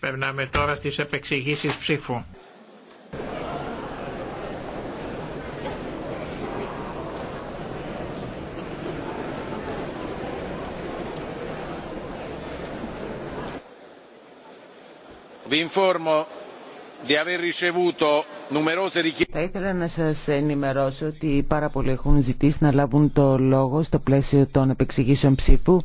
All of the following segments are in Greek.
Περνάμε τώρα στις επεξηγήσεις ψήφου. Θα ήθελα να σας ενημερώσω ότι πάρα πολλοί έχουν ζητήσει να λάβουν το λόγο στο πλαίσιο των επεξηγήσεων ψήφου.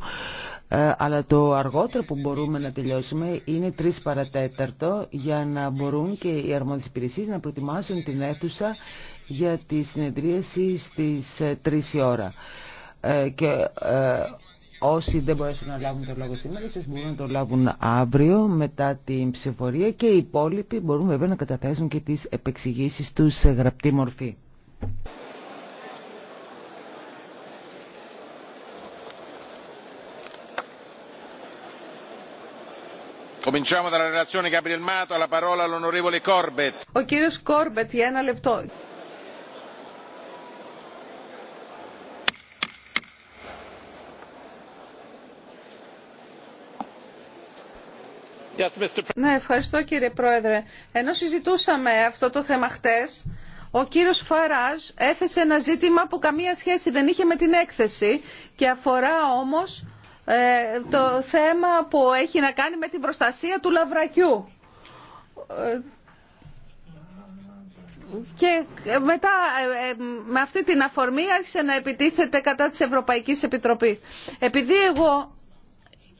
Ε, αλλά το αργότερο που μπορούμε να τελειώσουμε είναι 3 παρατέταρτο για να μπορούν και οι αρμόδιες υπηρεσίες να προετοιμάσουν την αίθουσα για τη συνεδρίαση στις 3 ε, η ώρα. Ε, και όσοι δεν μπορέσουν να λάβουν το λόγο σήμερα, ίσως μπορούν να το λάβουν αύριο μετά την ψηφορία και οι υπόλοιποι μπορούν βέβαια να καταθέσουν και τις επεξηγήσεις τους σε γραπτή μορφή. Ο κύριος Κόρμπετ για ένα λεπτό. ναι, ευχαριστώ κύριε Πρόεδρε. Ενώ συζητούσαμε αυτό το θέμα χτες, ο κύριος Φαράζ έθεσε ένα ζήτημα που καμία σχέση δεν είχε με την έκθεση και αφορά όμως ε, το θέμα που έχει να κάνει με την προστασία του λαβρακιού. Ε, και μετά ε, με αυτή την αφορμή άρχισε να επιτίθεται κατά της Ευρωπαϊκής Επιτροπής. Επειδή εγώ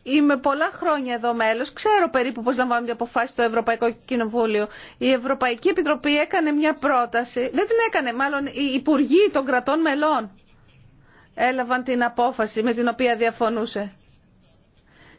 είμαι πολλά χρόνια εδώ μέλος, ξέρω περίπου πώς λαμβάνονται οι αποφάσεις στο Ευρωπαϊκό Κοινοβούλιο. Η Ευρωπαϊκή Επιτροπή έκανε μια πρόταση, δεν την έκανε μάλλον οι υπουργοί των κρατών μελών έλαβαν την απόφαση με την οποία διαφωνούσε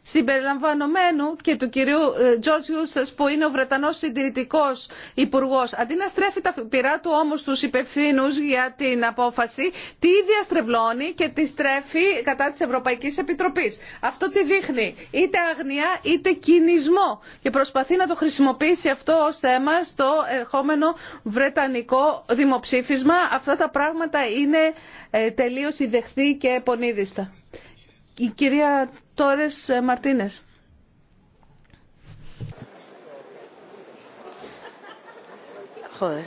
συμπεριλαμβανομένου και του κυρίου Τζότζιού ε, σα, που είναι ο Βρετανός συντηρητικός υπουργός. Αντί να στρέφει τα πειρά του όμως τους υπευθύνους για την απόφαση, τη ίδια στρεβλώνει και τη στρέφει κατά της Ευρωπαϊκής Επιτροπής. Αυτό τι δείχνει είτε αγνία είτε κινησμό και προσπαθεί να το χρησιμοποιήσει αυτό ως θέμα στο ερχόμενο Βρετανικό δημοψήφισμα. Αυτά τα πράγματα είναι ε, τελείως ιδεχθή και επονίδιστα. Τόρες ε, Μαρτίνες. Joder,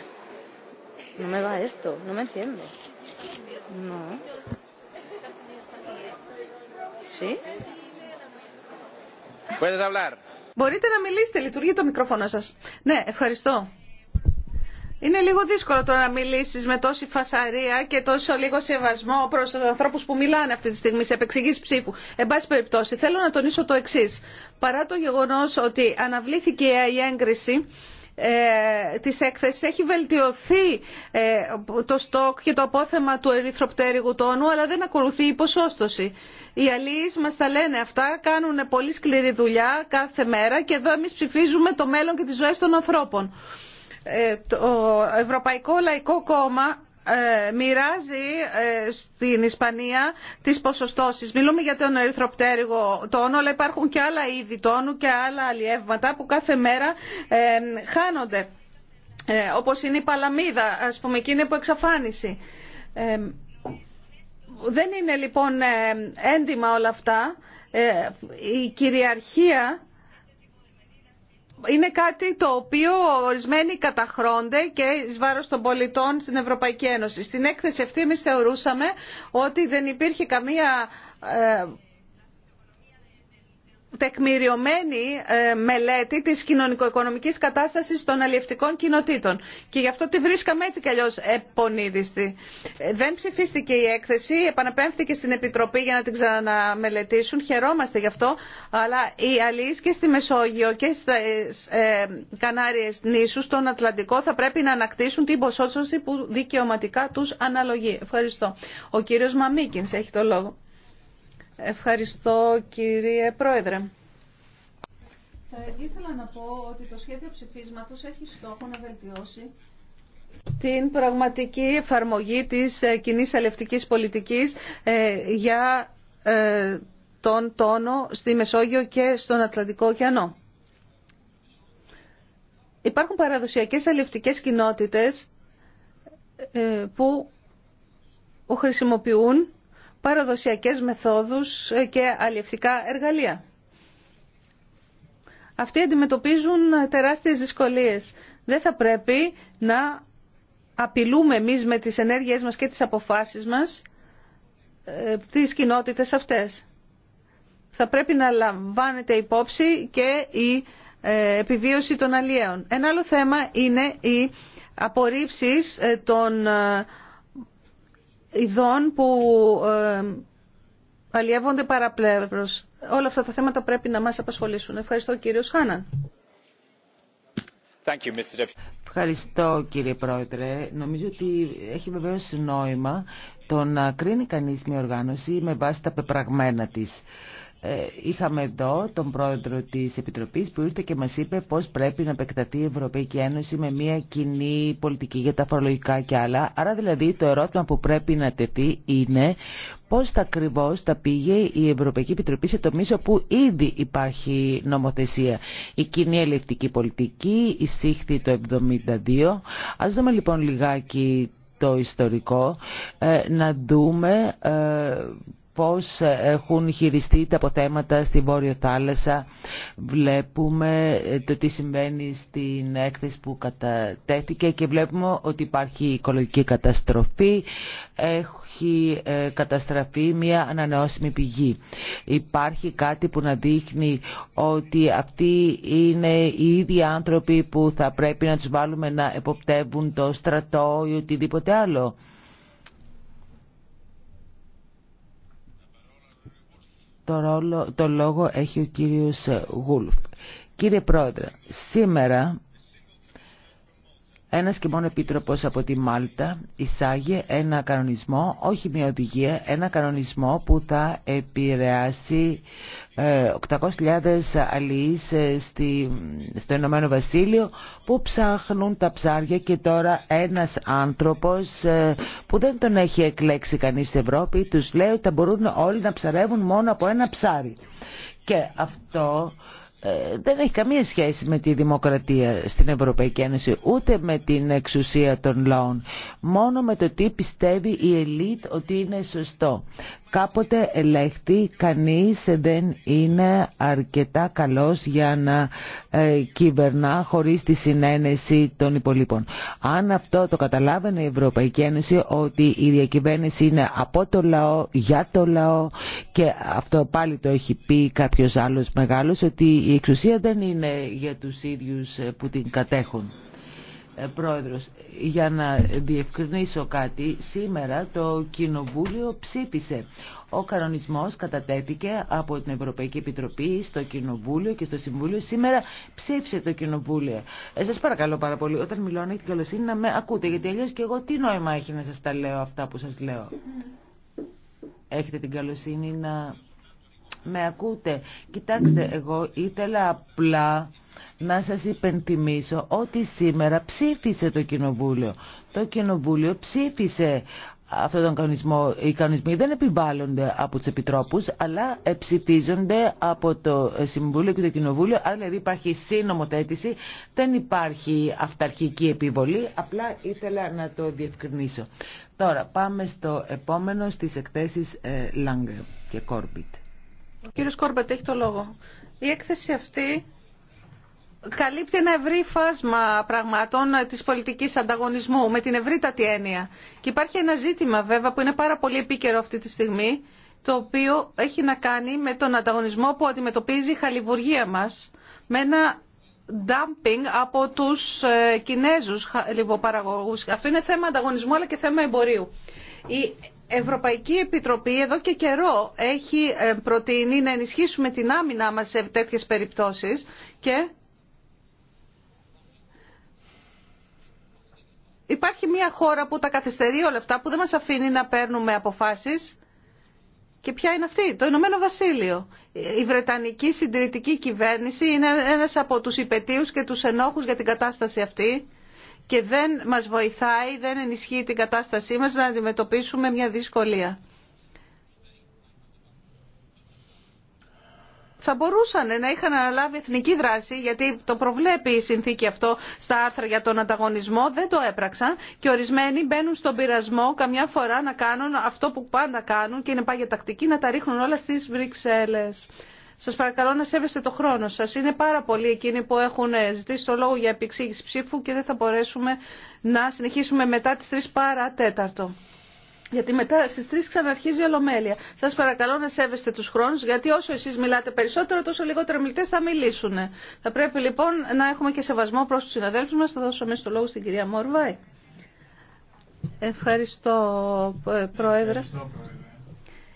no me va esto, no me enciende. No. ¿Sí? Puedes hablar. Μπορείτε να μιλήσετε, λειτουργεί το μικρόφωνο σας. Ναι, ευχαριστώ. Είναι λίγο δύσκολο τώρα να μιλήσει με τόση φασαρία και τόσο λίγο σεβασμό προ του ανθρώπου που μιλάνε αυτή τη στιγμή σε επεξηγής ψήφου. Εν πάση περιπτώσει, θέλω να τονίσω το εξή. Παρά το γεγονό ότι αναβλήθηκε η έγκριση, ε, της έκθεσης έχει βελτιωθεί ε, το στόκ και το απόθεμα του ερυθροπτέρυγου τόνου αλλά δεν ακολουθεί η ποσόστοση. Οι αλλοί μα τα λένε αυτά, κάνουν πολύ σκληρή δουλειά κάθε μέρα και εδώ εμεί ψηφίζουμε το μέλλον και τι ζωέ των ανθρώπων. Ε, το Ευρωπαϊκό Λαϊκό Κόμμα ε, μοιράζει ε, στην Ισπανία τις ποσοστώσεις. Μιλούμε για τον ερυθροπτέρυγο τόνο, αλλά υπάρχουν και άλλα είδη τόνου και άλλα αλλιεύματα που κάθε μέρα χάνονται. Όπως είναι η παλαμίδα, ας πούμε, εκείνη που εξαφάνιση. Δεν είναι λοιπόν έντιμα όλα αυτά. Η κυριαρχία είναι κάτι το οποίο ορισμένοι καταχρώνται και εις βάρος των πολιτών στην Ευρωπαϊκή Ένωση. Στην έκθεση αυτή εμείς θεωρούσαμε ότι δεν υπήρχε καμία ε, τεκμηριωμένη ε, μελέτη της κοινωνικο-οικονομικής κατάστασης των αλλιευτικών κοινοτήτων. Και γι' αυτό τη βρίσκαμε έτσι κι αλλιώς επονίδιστη. Ε, δεν ψηφίστηκε η έκθεση, επαναπέμφθηκε στην Επιτροπή για να την ξαναμελετήσουν. Χαιρόμαστε γι' αυτό, αλλά οι αλληλείς και στη Μεσόγειο και στις ε, Κανάριες νήσους, στον Ατλαντικό, θα πρέπει να ανακτήσουν την ποσότητα που δικαιωματικά τους αναλογεί. Ευχαριστώ. Ο κύριος Μαμίκινς έχει το λόγο. Ευχαριστώ κύριε Πρόεδρε. Θα ήθελα να πω ότι το σχέδιο ψηφίσματος έχει στόχο να βελτιώσει την πραγματική εφαρμογή της ε, κοινή αλευτικής πολιτικής ε, για ε, τον τόνο στη Μεσόγειο και στον Ατλαντικό ωκεανό. Υπάρχουν παραδοσιακές αλευτικές κοινότητες που χρησιμοποιούν παραδοσιακές μεθόδους ε, και αλλιευτικά εργαλεία. Αυτοί αντιμετωπίζουν ε, τεράστιες δυσκολίες. Δεν θα πρέπει να απειλούμε εμείς με τις ενέργειές μας και τις αποφάσεις μας ε, τις κοινότητες αυτές. Θα πρέπει να λαμβάνεται υπόψη και η επιβίωση των αλλιέων. Ένα άλλο θέμα είναι οι απορρίψεις των ειδών που ε, αλλιεύονται παραπλεύρως. Όλα αυτά τα θέματα πρέπει να μας απασχολήσουν. Ευχαριστώ κύριο Χάνα. Ευχαριστώ κύριε Πρόεδρε. Νομίζω ότι έχει βεβαίως νόημα το να κρίνει κανείς μια οργάνωση με βάση τα πεπραγμένα της. Ε, είχαμε εδώ τον πρόεδρο της Επιτροπής που ήρθε και μας είπε πώς πρέπει να επεκταθεί η Ευρωπαϊκή Ένωση με μια κοινή πολιτική για τα φορολογικά και άλλα. Άρα δηλαδή το ερώτημα που πρέπει να τεθεί είναι πώς ακριβώ τα πήγε η Ευρωπαϊκή Επιτροπή σε τομείς που ήδη υπάρχει νομοθεσία. Η κοινή ελευτική πολιτική εισήχθη το 1972. Ας δούμε λοιπόν λιγάκι το ιστορικό, ε, να δούμε ε, πώς έχουν χειριστεί τα αποθέματα στη Βόρειο Θάλασσα. Βλέπουμε ε, το τι συμβαίνει στην έκθεση που κατατέθηκε και βλέπουμε ότι υπάρχει οικολογική καταστροφή, έχει ε, καταστραφεί μια ανανεώσιμη πηγή. Υπάρχει κάτι που να δείχνει ότι αυτοί είναι οι ίδιοι άνθρωποι που θα πρέπει να τους βάλουμε να εποπτεύουν το στρατό ή οτιδήποτε άλλο. το, λόγο έχει ο κύριος Γούλφ. Κύριε Πρόεδρε, σήμερα ένας και μόνο επίτροπος από τη Μάλτα εισάγει ένα κανονισμό, όχι μια οδηγία, ένα κανονισμό που θα επηρεάσει 800.000 ε, αλληλείς ε, στο Ηνωμένο Βασίλειο που ψάχνουν τα ψάρια και τώρα ένας άνθρωπος ε, που δεν τον έχει εκλέξει κανείς στην Ευρώπη τους λέει ότι θα μπορούν όλοι να ψαρεύουν μόνο από ένα ψάρι. Και αυτό ε, δεν έχει καμία σχέση με τη δημοκρατία στην Ευρωπαϊκή Ένωση, ούτε με την εξουσία των λαών. Μόνο με το τι πιστεύει η ελίτ ότι είναι σωστό κάποτε ελέγχτη κανείς δεν είναι αρκετά καλός για να ε, κυβερνά χωρίς τη συνένεση των υπολείπων. Αν αυτό το καταλάβαινε η Ευρωπαϊκή Ένωση ότι η διακυβέρνηση είναι από το λαό, για το λαό και αυτό πάλι το έχει πει κάποιος άλλος μεγάλος ότι η εξουσία δεν είναι για τους ίδιους ε, που την κατέχουν. Ε, πρόεδρος, για να διευκρινίσω κάτι, σήμερα το Κοινοβούλιο ψήφισε. Ο κανονισμός κατατέθηκε από την Ευρωπαϊκή Επιτροπή στο Κοινοβούλιο και στο Συμβούλιο. Σήμερα ψήφισε το Κοινοβούλιο. Ε, σας παρακαλώ πάρα πολύ, όταν μιλώ να έχετε καλοσύνη να με ακούτε, γιατί αλλιώς και εγώ τι νόημα έχει να σας τα λέω αυτά που σας λέω. Έχετε την καλοσύνη να με ακούτε. Κοιτάξτε, εγώ ήθελα απλά να σας υπενθυμίσω ότι σήμερα ψήφισε το Κοινοβούλιο. Το Κοινοβούλιο ψήφισε αυτόν τον κανονισμό. Οι κανονισμοί δεν επιβάλλονται από τους επιτρόπους, αλλά ψηφίζονται από το Συμβούλιο και το Κοινοβούλιο. Άρα δηλαδή υπάρχει σύνομοθέτηση, δεν υπάρχει αυταρχική επιβολή. Απλά ήθελα να το διευκρινίσω. Τώρα πάμε στο επόμενο στις εκθέσεις ε, Λάγκε και Κόρμπιτ. Ο κύριος Κόρμπετ έχει το λόγο. Η έκθεση αυτή καλύπτει ένα ευρύ φάσμα πραγματών της πολιτικής ανταγωνισμού με την ευρύτατη έννοια. Και υπάρχει ένα ζήτημα βέβαια που είναι πάρα πολύ επίκαιρο αυτή τη στιγμή το οποίο έχει να κάνει με τον ανταγωνισμό που αντιμετωπίζει η χαλιβουργία μας με ένα dumping από τους ε, Κινέζους χαλιβοπαραγωγούς. Αυτό είναι θέμα ανταγωνισμού αλλά και θέμα εμπορίου. Η Ευρωπαϊκή Επιτροπή εδώ και καιρό έχει ε, προτείνει να ενισχύσουμε την άμυνά μας σε τέτοιες περιπτώσεις και Υπάρχει μια χώρα που τα καθυστερεί όλα αυτά, που δεν μας αφήνει να παίρνουμε αποφάσεις. Και ποια είναι αυτή, το Ηνωμένο Βασίλειο. Η Βρετανική συντηρητική κυβέρνηση είναι ένας από τους υπετίους και τους ενόχους για την κατάσταση αυτή και δεν μας βοηθάει, δεν ενισχύει την κατάστασή μας να αντιμετωπίσουμε μια δυσκολία. θα μπορούσαν να είχαν αναλάβει εθνική δράση, γιατί το προβλέπει η συνθήκη αυτό στα άρθρα για τον ανταγωνισμό, δεν το έπραξαν και ορισμένοι μπαίνουν στον πειρασμό καμιά φορά να κάνουν αυτό που πάντα κάνουν και είναι πάγια τακτική να τα ρίχνουν όλα στις Βρυξέλλες. Σας παρακαλώ να σέβεστε το χρόνο σας. Είναι πάρα πολλοί εκείνοι που έχουν ζητήσει το λόγο για επεξήγηση ψήφου και δεν θα μπορέσουμε να συνεχίσουμε μετά τις 3 τέταρτο. Γιατί μετά στις 3 ξαναρχίζει η ολομέλεια. Σας παρακαλώ να σέβεστε τους χρόνους, γιατί όσο εσείς μιλάτε περισσότερο, τόσο λιγότερο μιλητέ θα μιλήσουν. Θα πρέπει λοιπόν να έχουμε και σεβασμό προς τους συναδέλφους μας. Θα δώσω μέσα το λόγο στην κυρία Μόρβαη. Ε, Ευχαριστώ, Πρόεδρε.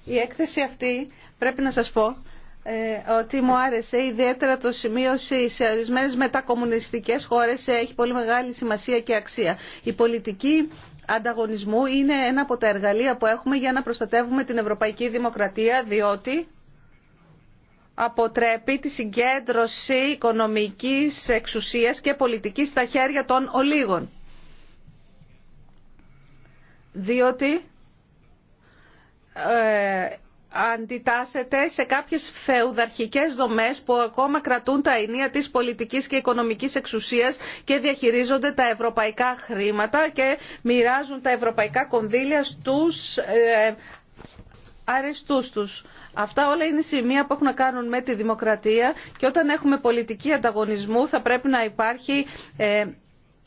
Η έκθεση αυτή, πρέπει να σας πω, ε, ότι μου άρεσε ιδιαίτερα το σημείο σε ορισμένε μετακομμουνιστικές χώρες έχει πολύ μεγάλη σημασία και αξία. Η πολιτική ανταγωνισμού είναι ένα από τα εργαλεία που έχουμε για να προστατεύουμε την ευρωπαϊκή δημοκρατία, διότι αποτρέπει τη συγκέντρωση οικονομικής εξουσίας και πολιτικής στα χέρια των ολίγων. Διότι ε, αντιτάσσεται σε κάποιες φεουδαρχικές δομές που ακόμα κρατούν τα ενία της πολιτικής και οικονομικής εξουσίας και διαχειρίζονται τα ευρωπαϊκά χρήματα και μοιράζουν τα ευρωπαϊκά κονδύλια στους ε, αριστούς τους. Αυτά όλα είναι σημεία που έχουν να κάνουν με τη δημοκρατία και όταν έχουμε πολιτική ανταγωνισμού θα πρέπει να υπάρχει ε,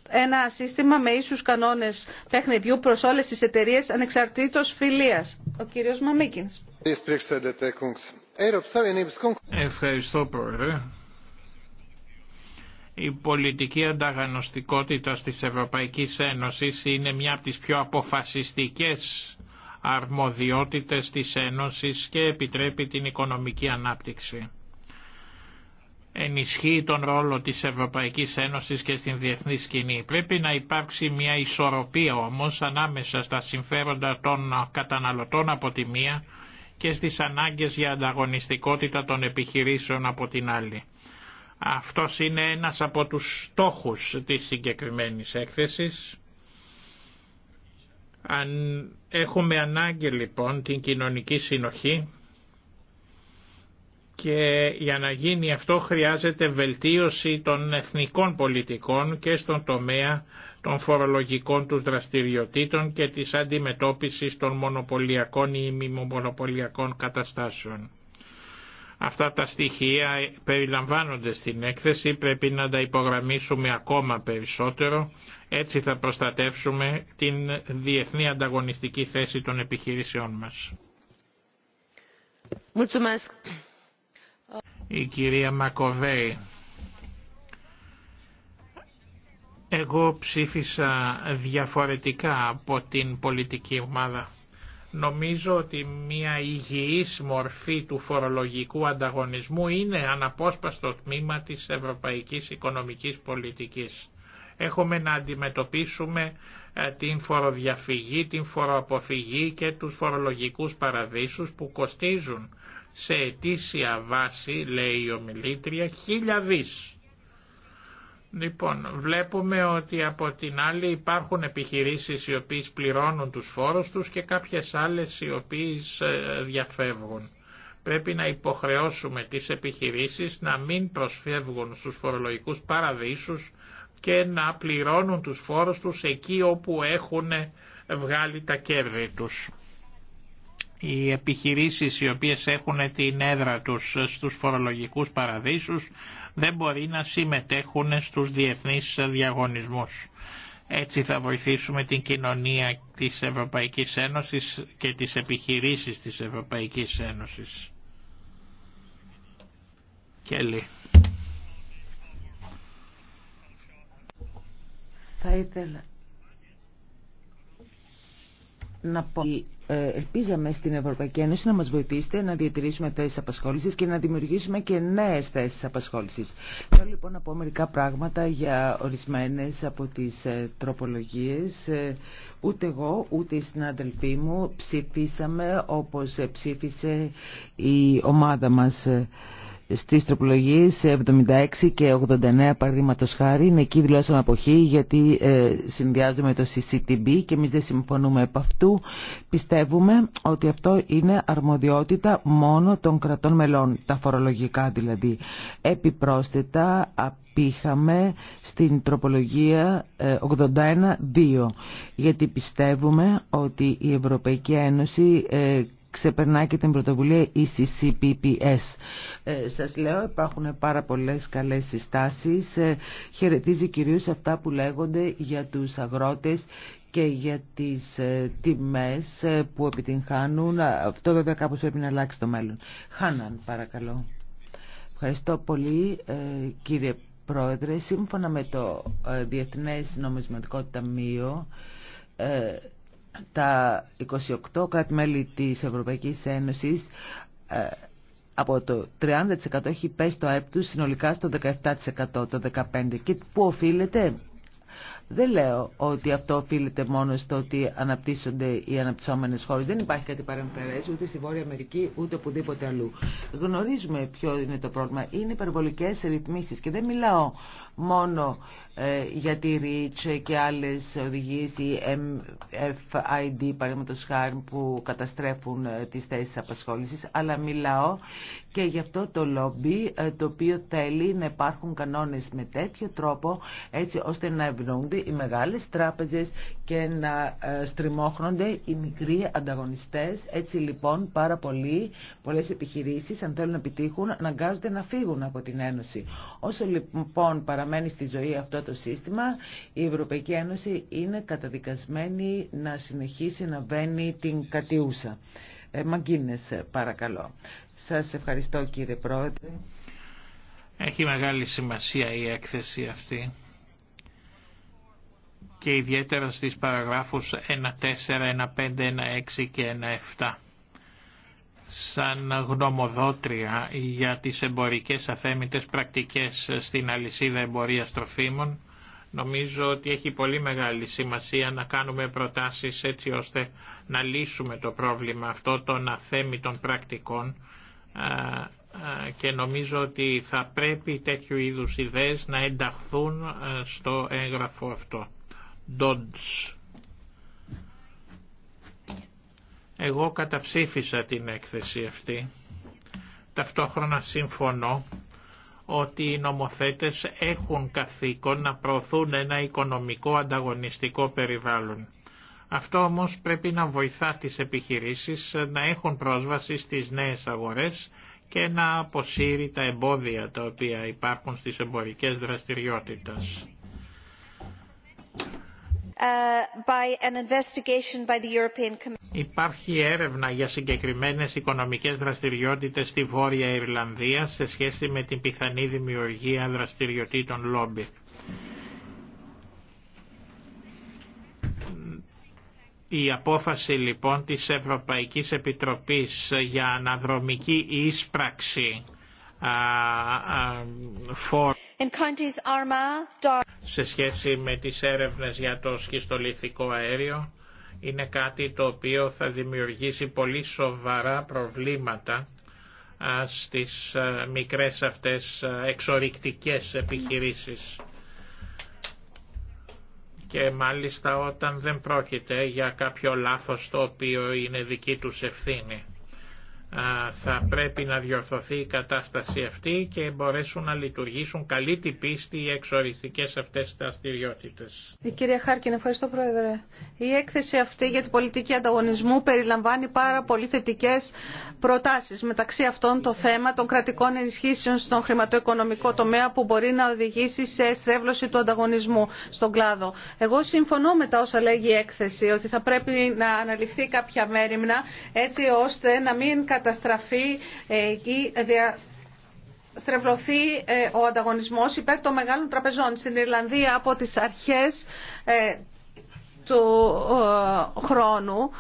ένα σύστημα με ίσους κανόνες παιχνιδιού προς όλες τις εταιρείες ανεξαρτήτως φιλίας. Ο κύριος Μαμίκινς. Ευχαριστώ Πρόεδρε. Η πολιτική ανταγωνιστικότητα της Ευρωπαϊκής Ένωσης είναι μια από τις πιο αποφασιστικές αρμοδιότητες της Ένωσης και επιτρέπει την οικονομική ανάπτυξη. Ενισχύει τον ρόλο της Ευρωπαϊκής Ένωσης και στην διεθνή σκηνή. Πρέπει να υπάρξει μια ισορροπία όμως ανάμεσα στα συμφέροντα των καταναλωτών από τη μία και στις ανάγκες για ανταγωνιστικότητα των επιχειρήσεων από την άλλη. Αυτός είναι ένας από τους στόχους της συγκεκριμένης έκθεσης. Αν έχουμε ανάγκη λοιπόν την κοινωνική συνοχή και για να γίνει αυτό χρειάζεται βελτίωση των εθνικών πολιτικών και στον τομέα των φορολογικών τους δραστηριοτήτων και της αντιμετώπισης των μονοπωλιακών ή μονοπωλιακών καταστάσεων. Αυτά τα στοιχεία περιλαμβάνονται στην έκθεση, πρέπει να τα υπογραμμίσουμε ακόμα περισσότερο, έτσι θα προστατεύσουμε την διεθνή ανταγωνιστική θέση των επιχειρήσεών μας. Η κυρία Μακοβέη. Εγώ ψήφισα διαφορετικά από την πολιτική ομάδα. Νομίζω ότι μια υγιής μορφή του φορολογικού ανταγωνισμού είναι αναπόσπαστο τμήμα της ευρωπαϊκής οικονομικής πολιτικής. Έχουμε να αντιμετωπίσουμε ε, την φοροδιαφυγή, την φοροαποφυγή και τους φορολογικούς παραδείσους που κοστίζουν σε ετήσια βάση, λέει η ομιλήτρια, χίλια δις. Λοιπόν, βλέπουμε ότι από την άλλη υπάρχουν επιχειρήσεις οι οποίες πληρώνουν τους φόρους τους και κάποιες άλλες οι οποίες ε, διαφεύγουν. Πρέπει να υποχρεώσουμε τις επιχειρήσεις να μην προσφεύγουν στους φορολογικούς παραδείσους και να πληρώνουν τους φόρους τους εκεί όπου έχουν ε, βγάλει τα κέρδη τους. Οι επιχειρήσεις οι οποίες έχουν την έδρα τους ε, στους φορολογικούς παραδείσους δεν μπορεί να συμμετέχουν στους διεθνείς διαγωνισμούς. Έτσι θα βοηθήσουμε την κοινωνία της Ευρωπαϊκής Ένωσης και τις επιχειρήσεις της Ευρωπαϊκής Ένωσης. Κέλλη. Θα να πω ε, ελπίζαμε στην Ευρωπαϊκή Ένωση να μας βοηθήσετε να διατηρήσουμε θέσεις απασχόλησης και να δημιουργήσουμε και νέες θέσεις απασχόλησης. Θέλω λοιπόν να πω μερικά πράγματα για ορισμένες από τις ε, τροπολογίες. Ε, ούτε εγώ, ούτε οι συνάδελφοί μου ψηφίσαμε όπως ψήφισε η ομάδα μας στις τροπολογίες 76 και 89 παραδείγματος χάρη. Εκεί δηλώσαμε αποχή γιατί ε, συνδυάζουμε το CCTB και εμεί δεν συμφωνούμε επ' αυτού. Πιστεύουμε ότι αυτό είναι αρμοδιότητα μόνο των κρατών μελών, τα φορολογικά δηλαδή. Επιπρόσθετα απήχαμε στην τροπολογία 81-2 ε, γιατί πιστεύουμε ότι η Ευρωπαϊκή Ένωση ε, ξεπερνάει και την πρωτοβουλία ECCPPS. Ε, σας λέω υπάρχουν πάρα πολλές καλές συστάσεις. Ε, χαιρετίζει κυρίως αυτά που λέγονται για τους αγρότες και για τις ε, τιμές ε, που επιτυγχάνουν. Αυτό βέβαια κάπως πρέπει να αλλάξει το μέλλον. Χάναν παρακαλώ. Ευχαριστώ πολύ ε, κύριε Πρόεδρε. Σύμφωνα με το Διεθνές Νομισματικό Ταμείο τα 28 κράτη-μέλη της Ευρωπαϊκής Ένωσης ε, από το 30% έχει πέσει το ΑΕΠ του συνολικά στο 17% το 15%. Και πού οφείλεται δεν λέω ότι αυτό οφείλεται μόνο στο ότι αναπτύσσονται οι αναπτυσσόμενες χώρες. Δεν υπάρχει κάτι παραμπερές ούτε στη Βόρεια Αμερική ούτε οπουδήποτε αλλού. Γνωρίζουμε ποιο είναι το πρόβλημα. Είναι υπερβολικές ρυθμίσεις και δεν μιλάω μόνο ε, για τη REACH και άλλες οδηγίες, η MFID παραδείγματος χάρη που καταστρέφουν ε, τις θέσεις απασχόλησης, αλλά μιλάω και γι' αυτό το λόμπι ε, το οποίο θέλει να υπάρχουν κανόνες με τέτοιο τρόπο έτσι ώστε να ευνοούνται οι μεγάλες τράπεζες και να ε, στριμώχνονται οι μικροί ανταγωνιστές. Έτσι λοιπόν πάρα πολύ πολλές επιχειρήσεις αν θέλουν να επιτύχουν αναγκάζονται να φύγουν από την Ένωση. Όσο λοιπόν παραμένει στη ζωή αυτό το σύστημα η Ευρωπαϊκή Ένωση είναι καταδικασμένη να συνεχίσει να βαίνει την κατιούσα. Ε, Μαγκίνες παρακαλώ. Σας ευχαριστώ κύριε Πρόεδρε. Έχει μεγάλη σημασία η έκθεση αυτή και ιδιαίτερα στις παραγράφους 1.4, 1.5, 1.6 και 1.7 σαν γνωμοδότρια για τις εμπορικές αθέμητες πρακτικές στην αλυσίδα εμπορίας τροφίμων. Νομίζω ότι έχει πολύ μεγάλη σημασία να κάνουμε προτάσεις έτσι ώστε να λύσουμε το πρόβλημα αυτό των αθέμητων πρακτικών και νομίζω ότι θα πρέπει τέτοιου είδους ιδέες να ενταχθούν στο έγγραφο αυτό. Εγώ καταψήφισα την έκθεση αυτή. Ταυτόχρονα συμφωνώ ότι οι νομοθέτες έχουν καθήκον να προωθούν ένα οικονομικό ανταγωνιστικό περιβάλλον. Αυτό όμως πρέπει να βοηθά τις επιχειρήσεις να έχουν πρόσβαση στις νέες αγορές και να αποσύρει τα εμπόδια τα οποία υπάρχουν στις εμπορικές δραστηριότητες. Uh, Υπάρχει έρευνα για συγκεκριμένες οικονομικές δραστηριότητες στη Βόρεια Ιρλανδία σε σχέση με την πιθανή δημιουργία δραστηριοτήτων λόμπι. Η απόφαση λοιπόν της Ευρωπαϊκής Επιτροπής για αναδρομική ίσπραξη σε σχέση με τις έρευνες για το σχιστολιθικό αέριο είναι κάτι το οποίο θα δημιουργήσει πολύ σοβαρά προβλήματα στις μικρές αυτές εξορικτικές επιχειρήσεις και μάλιστα όταν δεν πρόκειται για κάποιο λάθος το οποίο είναι δική τους ευθύνη θα πρέπει να διορθωθεί η κατάσταση αυτή και μπορέσουν να λειτουργήσουν καλή την πίστη οι εξοριστικές αυτές δραστηριότητε. Η κυρία Χάρκιν, ευχαριστώ Πρόεδρε. Η έκθεση αυτή για την πολιτική ανταγωνισμού περιλαμβάνει πάρα πολύ θετικέ προτάσεις. Μεταξύ αυτών το θέμα των κρατικών ενισχύσεων στον χρηματοοικονομικό τομέα που μπορεί να οδηγήσει σε στρέβλωση του ανταγωνισμού στον κλάδο. Εγώ συμφωνώ με τα όσα λέγει η έκθεση ότι θα πρέπει να αναλυφθεί κάποια μέρημνα έτσι ώστε να μην καταστραφεί ε, ή στρεβλωθεί ε, ο ανταγωνισμός υπέρ των μεγάλων τραπεζών. Στην Ιρλανδία από τις αρχές ε, του χρόνου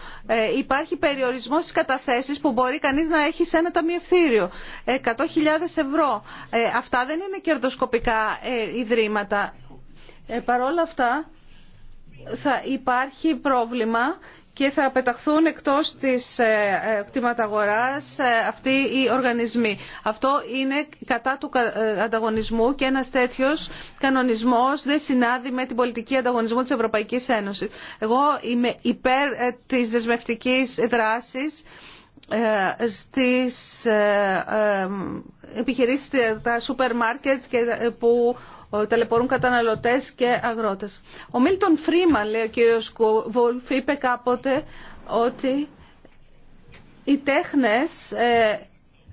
υπάρχει περιορισμός στις καταθέσεις που μπορεί κανείς να έχει σε ένα ταμιευτήριο. 100.000 ευρώ. Αυτά δεν είναι κερδοσκοπικά ιδρύματα. Παρ' όλα αυτά θα υπάρχει πρόβλημα και θα πεταχθούν εκτός της ε, ε, κτηματαγοράς ε, αυτοί οι οργανισμοί. Αυτό είναι κατά του ανταγωνισμού και ένας τέτοιος κανονισμός δεν συνάδει με την πολιτική ανταγωνισμού της Ευρωπαϊκής Ένωσης. Εγώ είμαι υπέρ της δεσμευτικής δράσης στις επιχειρήσεις, τα σούπερ μάρκετ που ταλαιπωρούν καταναλωτέ και αγρότες. Ο Μίλτον Φρίμα, λέει ο κύριο Κούβουλφ, είπε κάποτε ότι οι τέχνες ε,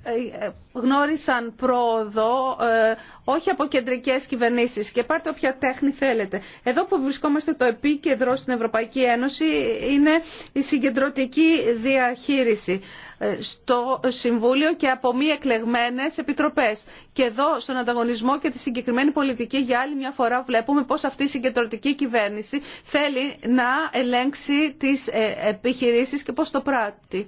ε, γνώρισαν πρόοδο ε, όχι από κεντρικέ κυβερνήσεις και πάρτε όποια τέχνη θέλετε. Εδώ που βρισκόμαστε το επίκεντρο στην Ευρωπαϊκή Ένωση είναι η συγκεντρωτική διαχείριση ε, στο Συμβούλιο και από μη εκλεγμένε επιτροπέ. Και εδώ στον ανταγωνισμό και τη συγκεκριμένη πολιτική για άλλη μια φορά βλέπουμε πως αυτή η συγκεντρωτική κυβέρνηση θέλει να ελέγξει τι ε, επιχειρήσει και πώ το πράττει.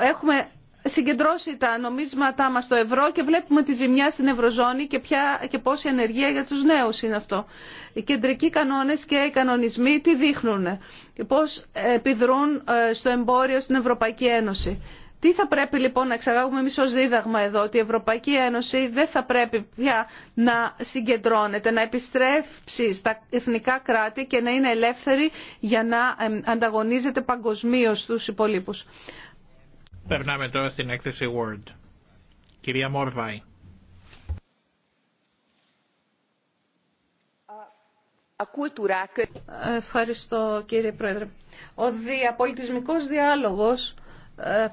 Έχουμε συγκεντρώσει τα νομίσματά μας στο ευρώ και βλέπουμε τη ζημιά στην ευρωζώνη και, ποια, και πόση ανεργία για τους νέους είναι αυτό. Οι κεντρικοί κανόνες και οι κανονισμοί τι δείχνουν και πώς επιδρούν ε, στο εμπόριο στην Ευρωπαϊκή Ένωση. Τι θα πρέπει λοιπόν να εξαγάγουμε εμεί ω δίδαγμα εδώ, ότι η Ευρωπαϊκή Ένωση δεν θα πρέπει πια να συγκεντρώνεται, να επιστρέψει στα εθνικά κράτη και να είναι ελεύθερη για να ανταγωνίζεται παγκοσμίω στους υπολείπους. Περνάμε τώρα στην έκθεση Word. Κυρία Μόρβαη. Ευχαριστώ κύριε Πρόεδρε. Ο διαπολιτισμικός διάλογος ε,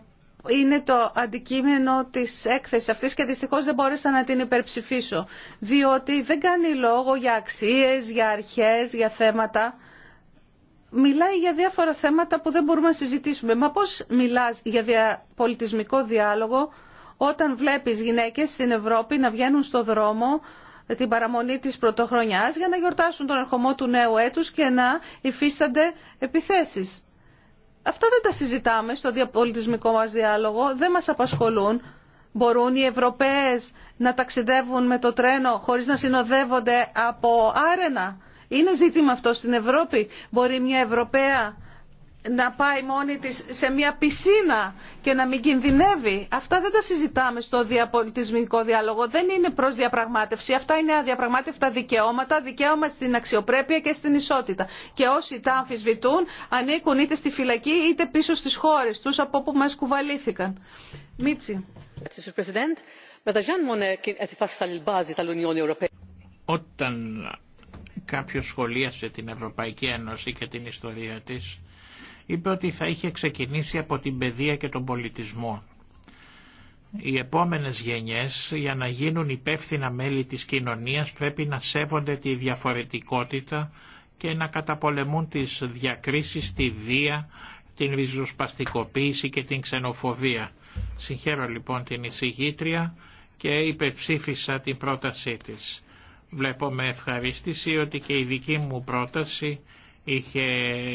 είναι το αντικείμενο της έκθεσης αυτής και δυστυχώς δεν μπόρεσα να την υπερψηφίσω, διότι δεν κάνει λόγο για αξίες, για αρχές, για θέματα μιλάει για διάφορα θέματα που δεν μπορούμε να συζητήσουμε. Μα πώς μιλάς για διαπολιτισμικό διάλογο όταν βλέπεις γυναίκες στην Ευρώπη να βγαίνουν στο δρόμο την παραμονή της πρωτοχρονιάς για να γιορτάσουν τον ερχομό του νέου έτους και να υφίστανται επιθέσεις. Αυτά δεν τα συζητάμε στο διαπολιτισμικό μας διάλογο, δεν μας απασχολούν. Μπορούν οι Ευρωπαίες να ταξιδεύουν με το τρένο χωρίς να συνοδεύονται από άρενα. Είναι ζήτημα αυτό στην Ευρώπη. Μπορεί μια Ευρωπαία να πάει μόνη της σε μια πισίνα και να μην κινδυνεύει. Αυτά δεν τα συζητάμε στο διαπολιτισμικό διάλογο. Δεν είναι προς διαπραγμάτευση. Αυτά είναι αδιαπραγμάτευτα δικαιώματα, δικαίωμα στην αξιοπρέπεια και στην ισότητα. Και όσοι τα αμφισβητούν ανήκουν είτε στη φυλακή είτε πίσω στις χώρες τους από όπου μας κουβαλήθηκαν. Μίτσι. Όταν κάποιος σχολίασε την Ευρωπαϊκή Ένωση και την ιστορία της, είπε ότι θα είχε ξεκινήσει από την παιδεία και τον πολιτισμό. Οι επόμενες γενιές για να γίνουν υπεύθυνα μέλη της κοινωνίας πρέπει να σέβονται τη διαφορετικότητα και να καταπολεμούν τις διακρίσεις, τη βία, την ριζοσπαστικοποίηση και την ξενοφοβία. Συγχαίρω λοιπόν την εισηγήτρια και υπεψήφισα την πρότασή της. Βλέπω με ευχαρίστηση ότι και η δική μου πρόταση είχε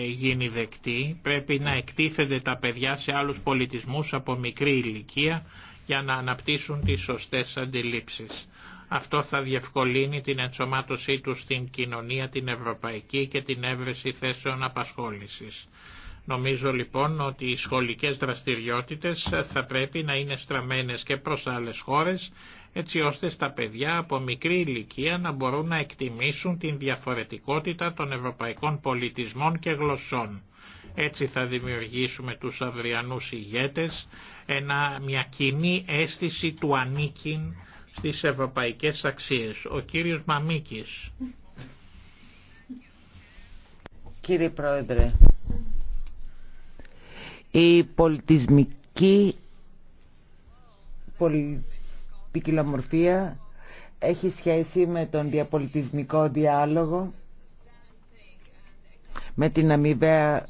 γίνει δεκτή. Πρέπει να εκτίθενται τα παιδιά σε άλλους πολιτισμούς από μικρή ηλικία για να αναπτύσσουν τις σωστές αντιλήψεις. Αυτό θα διευκολύνει την ενσωμάτωσή τους στην κοινωνία, την ευρωπαϊκή και την έβρεση θέσεων απασχόλησης. Νομίζω λοιπόν ότι οι σχολικές δραστηριότητες θα πρέπει να είναι στραμμένες και προς άλλες χώρες έτσι ώστε στα παιδιά από μικρή ηλικία να μπορούν να εκτιμήσουν την διαφορετικότητα των ευρωπαϊκών πολιτισμών και γλωσσών. Έτσι θα δημιουργήσουμε τους αυριανούς ηγέτες ένα, μια κοινή αίσθηση του ανήκειν στις ευρωπαϊκές αξίες. Ο κύριος Μαμίκης. Κύριε Πρόεδρε, η πολιτισμική ποικιλομορφία έχει σχέση με τον διαπολιτισμικό διάλογο, με την αμοιβαία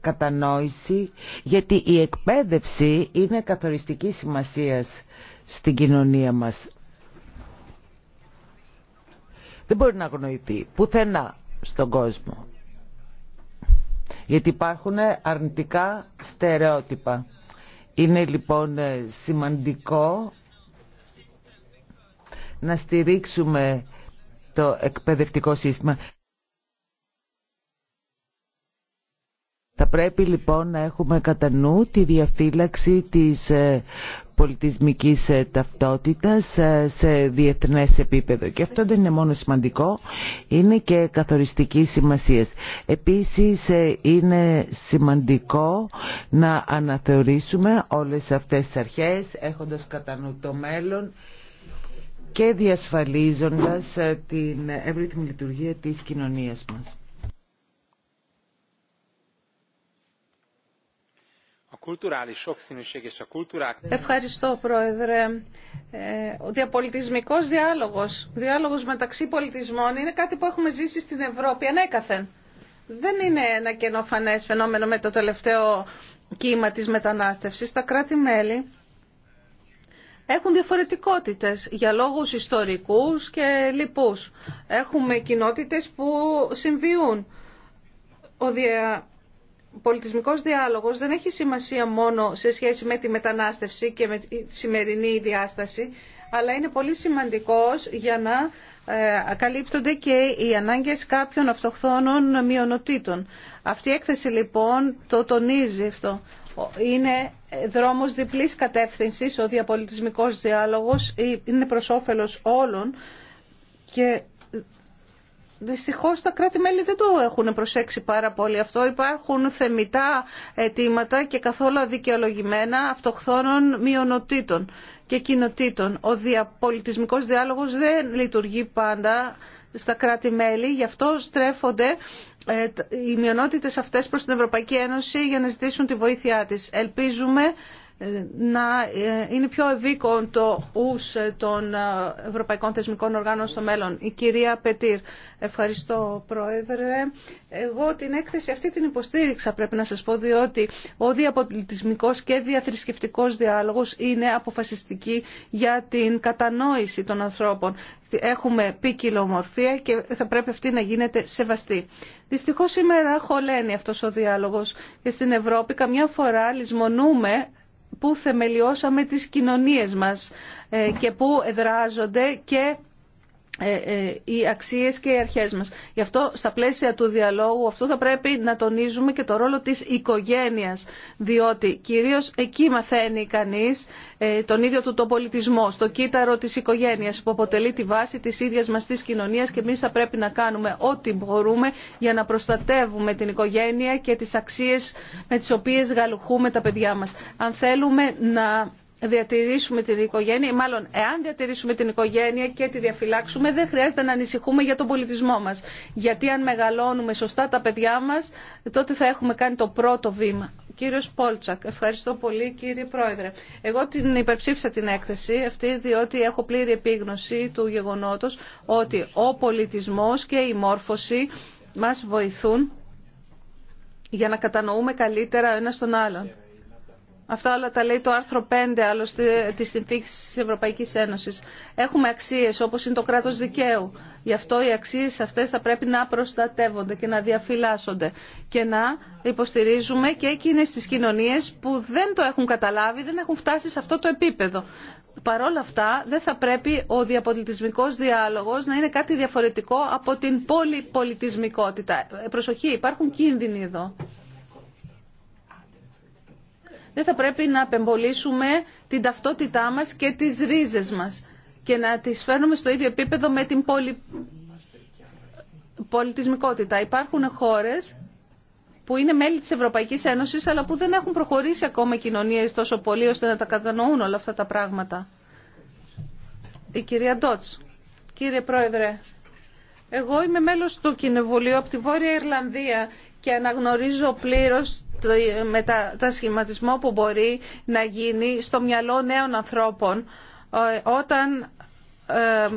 κατανόηση, γιατί η εκπαίδευση είναι καθοριστική σημασίας στην κοινωνία μας. Δεν μπορεί να γνωριθεί πουθενά στον κόσμο. Γιατί υπάρχουν αρνητικά στερεότυπα. Είναι λοιπόν ε, σημαντικό να στηρίξουμε το εκπαιδευτικό σύστημα. Θα πρέπει λοιπόν να έχουμε κατά νου τη διαφύλαξη της ε, πολιτισμικής ε, ταυτότητας ε, σε διεθνές επίπεδο. Και αυτό δεν είναι μόνο σημαντικό, είναι και καθοριστική σημασία. Επίσης είναι σημαντικό να αναθεωρήσουμε όλες αυτές τις αρχές έχοντας κατά νου το μέλλον και διασφαλίζοντας ε, την εύρυθμη λειτουργία της κοινωνίας μας. Ευχαριστώ, Πρόεδρε. Ε, ο διαπολιτισμικός διάλογος, διάλογος μεταξύ πολιτισμών είναι κάτι που έχουμε ζήσει στην Ευρώπη ανέκαθεν. Δεν είναι ένα καινοφανές φαινόμενο με το τελευταίο κύμα της μετανάστευσης. Τα κράτη-μέλη έχουν διαφορετικότητες για λόγους ιστορικούς και λοιπούς. Έχουμε κοινότητες που συμβιούν. Ο δια... πολιτισμικός διάλογος δεν έχει σημασία μόνο σε σχέση με τη μετανάστευση και με τη σημερινή διάσταση, αλλά είναι πολύ σημαντικός για να ε, καλύπτονται και οι ανάγκες κάποιων αυτοχθόνων μειονοτήτων. Αυτή η έκθεση λοιπόν το τονίζει αυτό είναι δρόμος διπλής κατεύθυνσης, ο διαπολιτισμικός διάλογος είναι προς όφελος όλων και δυστυχώς τα κράτη-μέλη δεν το έχουν προσέξει πάρα πολύ αυτό. Υπάρχουν θεμητά αιτήματα και καθόλου αδικαιολογημένα αυτοχθόνων μειονοτήτων και κοινοτήτων. Ο διαπολιτισμικός διάλογος δεν λειτουργεί πάντα στα κράτη-μέλη, γι' αυτό στρέφονται ε, οι μειονότητες αυτές προς την Ευρωπαϊκή Ένωση για να ζητήσουν τη βοήθειά της. Ελπίζουμε να ε, είναι πιο ευήκον το ους των ε, Ευρωπαϊκών Θεσμικών Οργάνων στο μέλλον. Η κυρία Πετήρ, ευχαριστώ Πρόεδρε. Εγώ την έκθεση αυτή την υποστήριξα πρέπει να σας πω διότι ο διαπολιτισμικός και διαθρησκευτικός διάλογος είναι αποφασιστική για την κατανόηση των ανθρώπων. Έχουμε ποικιλομορφία και θα πρέπει αυτή να γίνεται σεβαστή. Δυστυχώς σήμερα χωλαίνει αυτός ο διάλογος και στην Ευρώπη καμιά φορά λησμονούμε που θεμελιώσαμε τις κοινωνίες μας ε, και που εδράζονται και ε, ε, οι αξίες και οι αρχές μας. Γι' αυτό στα πλαίσια του διαλόγου αυτό θα πρέπει να τονίζουμε και το ρόλο της οικογένειας, διότι κυρίως εκεί μαθαίνει κανείς ε, τον ίδιο του το πολιτισμό, στο κύτταρο της οικογένειας που αποτελεί τη βάση της ίδιας μας της κοινωνίας και εμεί θα πρέπει να κάνουμε ό,τι μπορούμε για να προστατεύουμε την οικογένεια και τις αξίες με τις οποίες γαλουχούμε τα παιδιά μας. Αν θέλουμε να διατηρήσουμε την οικογένεια, ή μάλλον εάν διατηρήσουμε την οικογένεια και τη διαφυλάξουμε, δεν χρειάζεται να ανησυχούμε για τον πολιτισμό μας. Γιατί αν μεγαλώνουμε σωστά τα παιδιά μας, τότε θα έχουμε κάνει το πρώτο βήμα. Κύριος Πόλτσακ, ευχαριστώ πολύ κύριε Πρόεδρε. Εγώ την υπερψήφισα την έκθεση αυτή διότι έχω πλήρη επίγνωση του γεγονότος ότι ο πολιτισμός και η μόρφωση μας βοηθούν για να κατανοούμε καλύτερα ο ένας τον άλλον. Αυτά όλα τα λέει το άρθρο 5 άλλωστε τη συνθήκη τη Ευρωπαϊκή Ένωση. Έχουμε αξίε όπω είναι το κράτο δικαίου. Γι' αυτό οι αξίε αυτέ θα πρέπει να προστατεύονται και να διαφυλάσσονται και να υποστηρίζουμε και εκείνε τι κοινωνίε που δεν το έχουν καταλάβει, δεν έχουν φτάσει σε αυτό το επίπεδο. Παρ' όλα αυτά δεν θα πρέπει ο διαπολιτισμικός διάλογο να είναι κάτι διαφορετικό από την πολυπολιτισμικότητα. Προσοχή, υπάρχουν κίνδυνοι εδώ δεν θα πρέπει να απεμπολίσουμε την ταυτότητά μας και τις ρίζες μας και να τις φέρνουμε στο ίδιο επίπεδο με την πολιτισμικότητα. Υπάρχουν χώρες που είναι μέλη της Ευρωπαϊκής Ένωσης αλλά που δεν έχουν προχωρήσει ακόμα οι κοινωνίες τόσο πολύ ώστε να τα κατανοούν όλα αυτά τα πράγματα. Η κυρία Ντότς. Κύριε Πρόεδρε, εγώ είμαι μέλος του Κοινοβουλίου από τη Βόρεια Ιρλανδία και αναγνωρίζω πλήρως με τα σχηματισμό που μπορεί να γίνει στο μυαλό νέων ανθρώπων ε, όταν ε,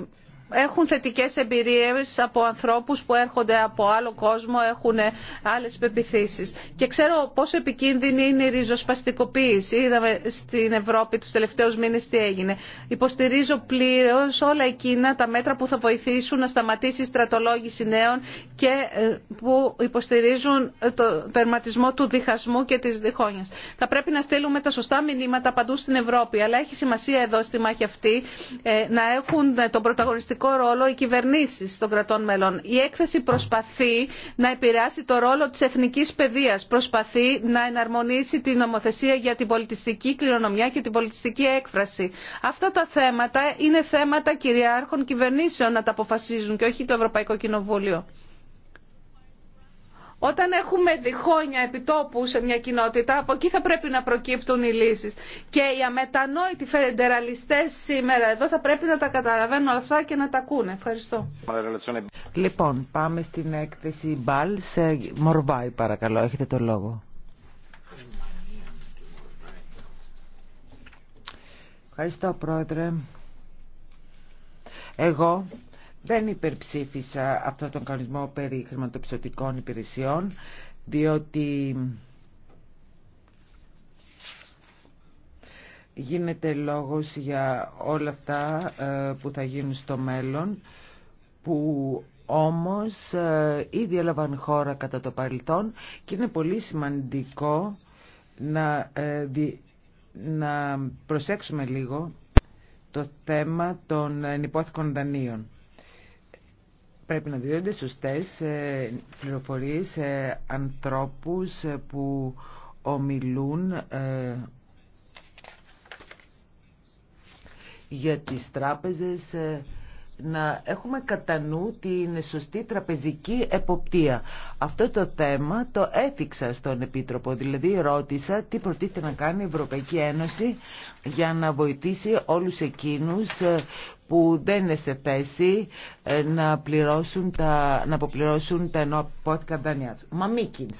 έχουν θετικές εμπειρίες από ανθρώπους που έρχονται από άλλο κόσμο, έχουν άλλες πεπιθήσεις. Και ξέρω πόσο επικίνδυνη είναι η ριζοσπαστικοποίηση. Είδαμε στην Ευρώπη τους τελευταίους μήνες τι έγινε. Υποστηρίζω πλήρως όλα εκείνα τα μέτρα που θα βοηθήσουν να σταματήσει η στρατολόγηση νέων και ε, που υποστηρίζουν το τερματισμό του διχασμού και της διχόνοια. Θα πρέπει να στείλουμε τα σωστά μηνύματα παντού στην Ευρώπη, αλλά έχει σημασία εδώ στη μάχη αυτή ε, να έχουν τον πρωταγωνιστικό σημαντικό ρόλο οι κυβερνήσει των κρατών μελών. Η έκθεση προσπαθεί να επηρεάσει το ρόλο της εθνικής πεδίας προσπαθεί να εναρμονίσει την νομοθεσία για την πολιτιστική κληρονομιά και την πολιτιστική έκφραση. Αυτά τα θέματα είναι θέματα κυριάρχων κυβερνήσεων να τα αποφασίζουν και όχι το Ευρωπαϊκό Κοινοβούλιο. Όταν έχουμε διχόνια επιτόπου σε μια κοινότητα, από εκεί θα πρέπει να προκύπτουν οι λύσει. Και οι αμετανόητοι φεντεραλιστέ, σήμερα εδώ θα πρέπει να τα καταλαβαίνουν αυτά και να τα ακούνε. Ευχαριστώ. Λοιπόν, πάμε στην έκθεση Μπάλ σε Μορβάη παρακαλώ. Έχετε το λόγο. Ευχαριστώ πρόεδρε. Εγώ δεν υπερψήφισα αυτό τον κανονισμό περί χρηματοπιστωτικών υπηρεσιών, διότι γίνεται λόγος για όλα αυτά ε, που θα γίνουν στο μέλλον, που όμως ε, ήδη έλαβαν χώρα κατά το παρελθόν και είναι πολύ σημαντικό να, ε, να προσέξουμε λίγο το θέμα των ενυπόθηκων δανείων πρέπει να δίδονται σωστές ε, πληροφορίες σε ανθρώπους ε, που ομιλούν ε, για τις τράπεζες να έχουμε κατά νου την σωστή τραπεζική εποπτεία. Αυτό το θέμα το έθιξα στον Επίτροπο, δηλαδή ρώτησα τι προτίθεται να κάνει η Ευρωπαϊκή Ένωση για να βοηθήσει όλους εκείνους που δεν είναι σε θέση ε, να, πληρώσουν τα, να αποπληρώσουν τα ενώπικα δάνειά του. Μαμίκινς.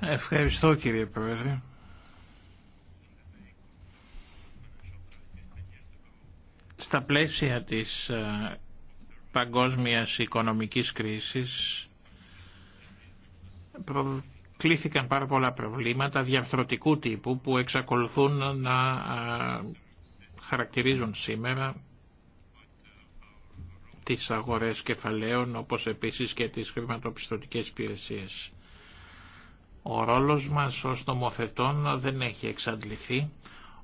Ευχαριστώ κύριε Πρόεδρε. Στα πλαίσια της ε, παγκόσμιας οικονομικής κρίσης προκλήθηκαν πάρα πολλά προβλήματα διαρθρωτικού τύπου που εξακολουθούν να ε, χαρακτηρίζουν σήμερα τις αγορές κεφαλαίων όπως επίσης και τις χρηματοπιστωτικές υπηρεσίε. Ο ρόλος μας ως νομοθετών δεν έχει εξαντληθεί.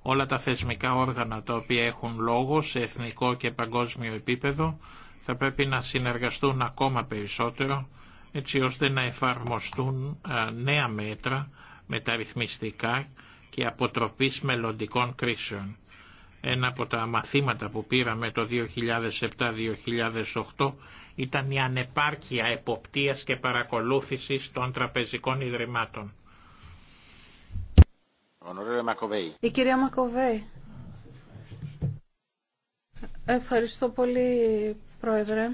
Όλα τα θεσμικά όργανα τα οποία έχουν λόγο σε εθνικό και παγκόσμιο επίπεδο θα πρέπει να συνεργαστούν ακόμα περισσότερο έτσι ώστε να εφαρμοστούν ε, νέα μέτρα μεταρρυθμιστικά και αποτροπής μελλοντικών κρίσεων. Ένα από τα μαθήματα που πήραμε το 2007-2008 ήταν η ανεπάρκεια εποπτείας και παρακολούθησης των τραπεζικών ιδρυμάτων. Η κυρία Μακοβέη. Ευχαριστώ πολύ, Πρόεδρε.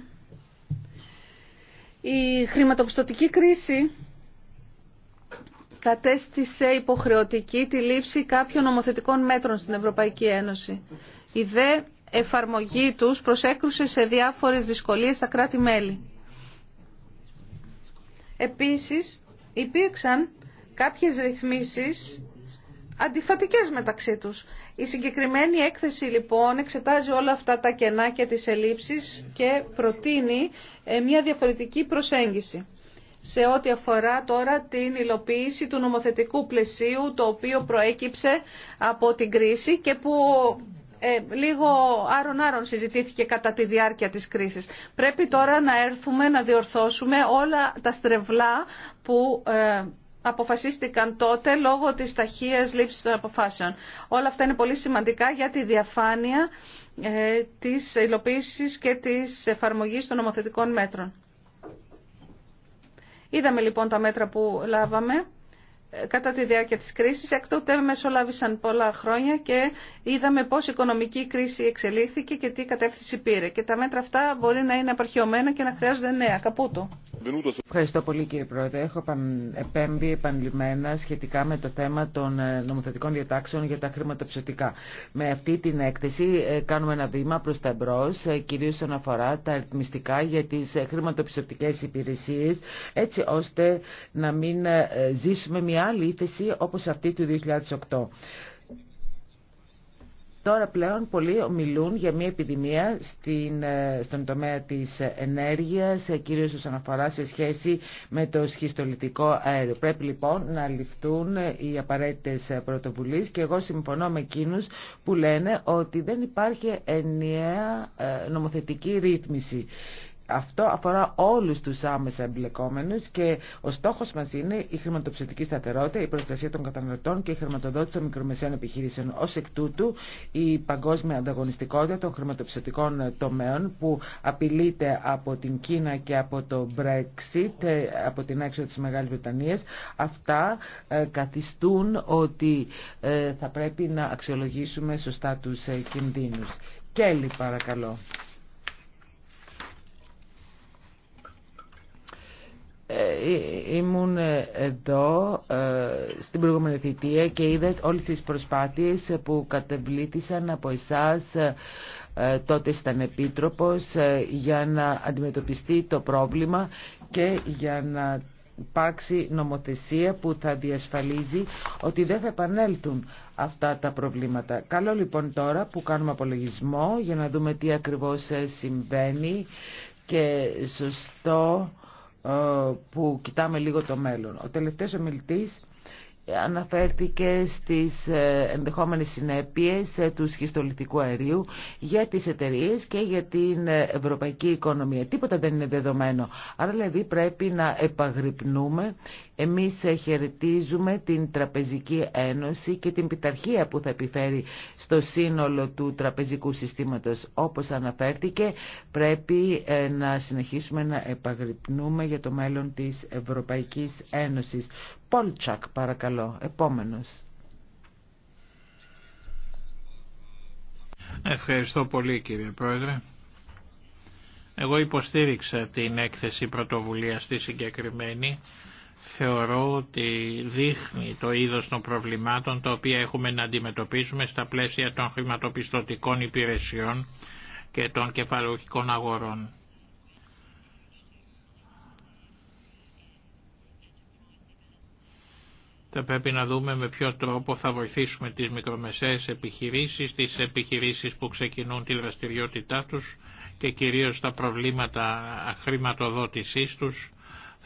Η χρηματοπιστωτική κρίση κατέστησε υποχρεωτική τη λήψη κάποιων νομοθετικών μέτρων στην Ευρωπαϊκή Ένωση. Η δε εφαρμογή τους προσέκρουσε σε διάφορες δυσκολίες στα κράτη-μέλη. Επίσης, υπήρξαν κάποιες ρυθμίσεις αντιφατικές μεταξύ τους. Η συγκεκριμένη έκθεση λοιπόν εξετάζει όλα αυτά τα κενά και τις ελλείψεις και προτείνει ε, μια διαφορετική προσέγγιση σε ό,τι αφορά τώρα την υλοποίηση του νομοθετικού πλαισίου το οποίο προέκυψε από την κρίση και που ε, λίγο άρον-άρον συζητήθηκε κατά τη διάρκεια της κρίσης. Πρέπει τώρα να έρθουμε να διορθώσουμε όλα τα στρεβλά που ε, αποφασίστηκαν τότε λόγω της ταχείας λήψης των αποφάσεων. Όλα αυτά είναι πολύ σημαντικά για τη διαφάνεια ε, της υλοποίησης και της εφαρμογής των νομοθετικών μέτρων. Είδαμε λοιπόν τα μέτρα που λάβαμε ε, κατά τη διάρκεια της κρίσης. Εκ τότε μεσολάβησαν πολλά χρόνια και είδαμε πώς η οικονομική κρίση εξελίχθηκε και τι κατεύθυνση πήρε. Και τα μέτρα αυτά μπορεί να είναι απαρχαιωμένα και να χρειάζονται νέα. Καπούτο. Ευχαριστώ πολύ κύριε Πρόεδρε. Έχω επέμβει επανειλημμένα σχετικά με το θέμα των ε, νομοθετικών διατάξεων για τα χρηματοψηφιακά. Με αυτή την έκθεση ε, κάνουμε ένα βήμα προς τα εμπρός, ε, κυρίως όσον αφορά τα αριθμιστικά για τις χρηματοψηφιακές υπηρεσίες, έτσι ώστε να μην ζήσουμε μια άλλη ύφεση όπως αυτή του 2008. Τώρα πλέον πολλοί μιλούν για μια επιδημία στην, ε, στον τομέα της ενέργειας, ε, κυρίως όσον αφορά σε σχέση με το σχιστολιτικό αέριο. Πρέπει λοιπόν να ληφθούν ε, οι απαραίτητες πρωτοβουλίες και εγώ συμφωνώ με εκείνους που λένε ότι δεν υπάρχει ενιαία νομοθετική ρύθμιση αυτό αφορά όλους τους άμεσα εμπλεκόμενους και ο στόχος μας είναι η χρηματοψηφιακή σταθερότητα, η προστασία των καταναλωτών και η χρηματοδότηση των μικρομεσαίων επιχειρήσεων. Ως εκ τούτου η παγκόσμια ανταγωνιστικότητα των χρηματοψηφιακών τομέων που απειλείται από την Κίνα και από το Brexit, ε, από την έξοδο της Μεγάλης Βρετανίας, αυτά ε, καθιστούν ότι ε, θα πρέπει να αξιολογήσουμε σωστά τους κινδύνους. Κέλλη παρακαλώ. Ε, ήμουν εδώ ε, στην προηγούμενη θητεία και είδα όλες τις προσπάθειες που κατεβλήθησαν από εσάς ε, τότε ήταν επίτροπος για να αντιμετωπιστεί το πρόβλημα και για να υπάρξει νομοθεσία που θα διασφαλίζει ότι δεν θα επανέλθουν αυτά τα προβλήματα. Καλό λοιπόν τώρα που κάνουμε απολογισμό για να δούμε τι ακριβώς συμβαίνει και σωστό ε, που κοιτάμε λίγο το μέλλον. Ο τελευταίος ομιλητής αναφέρθηκε στις ε, ενδεχόμενες συνέπειες ε, του σχιστολιτικού αερίου για τις εταιρείε και για την ευρωπαϊκή οικονομία. Τίποτα δεν είναι δεδομένο. Άρα δηλαδή πρέπει να επαγρυπνούμε εμείς χαιρετίζουμε την Τραπεζική Ένωση και την πειταρχία που θα επιφέρει στο σύνολο του τραπεζικού συστήματος. Όπως αναφέρθηκε, πρέπει ε, να συνεχίσουμε να επαγρυπνούμε για το μέλλον της Ευρωπαϊκής Ένωσης. Πολτσακ, παρακαλώ, επόμενος. Ευχαριστώ πολύ κύριε Πρόεδρε. Εγώ υποστήριξα την έκθεση πρωτοβουλία στη συγκεκριμένη θεωρώ ότι δείχνει το είδος των προβλημάτων τα οποία έχουμε να αντιμετωπίσουμε στα πλαίσια των χρηματοπιστωτικών υπηρεσιών και των κεφαλογικών αγορών. Θα πρέπει να δούμε με ποιο τρόπο θα βοηθήσουμε τις μικρομεσαίες επιχειρήσεις, τις επιχειρήσεις που ξεκινούν τη δραστηριότητά τους και κυρίως τα προβλήματα χρηματοδότησής τους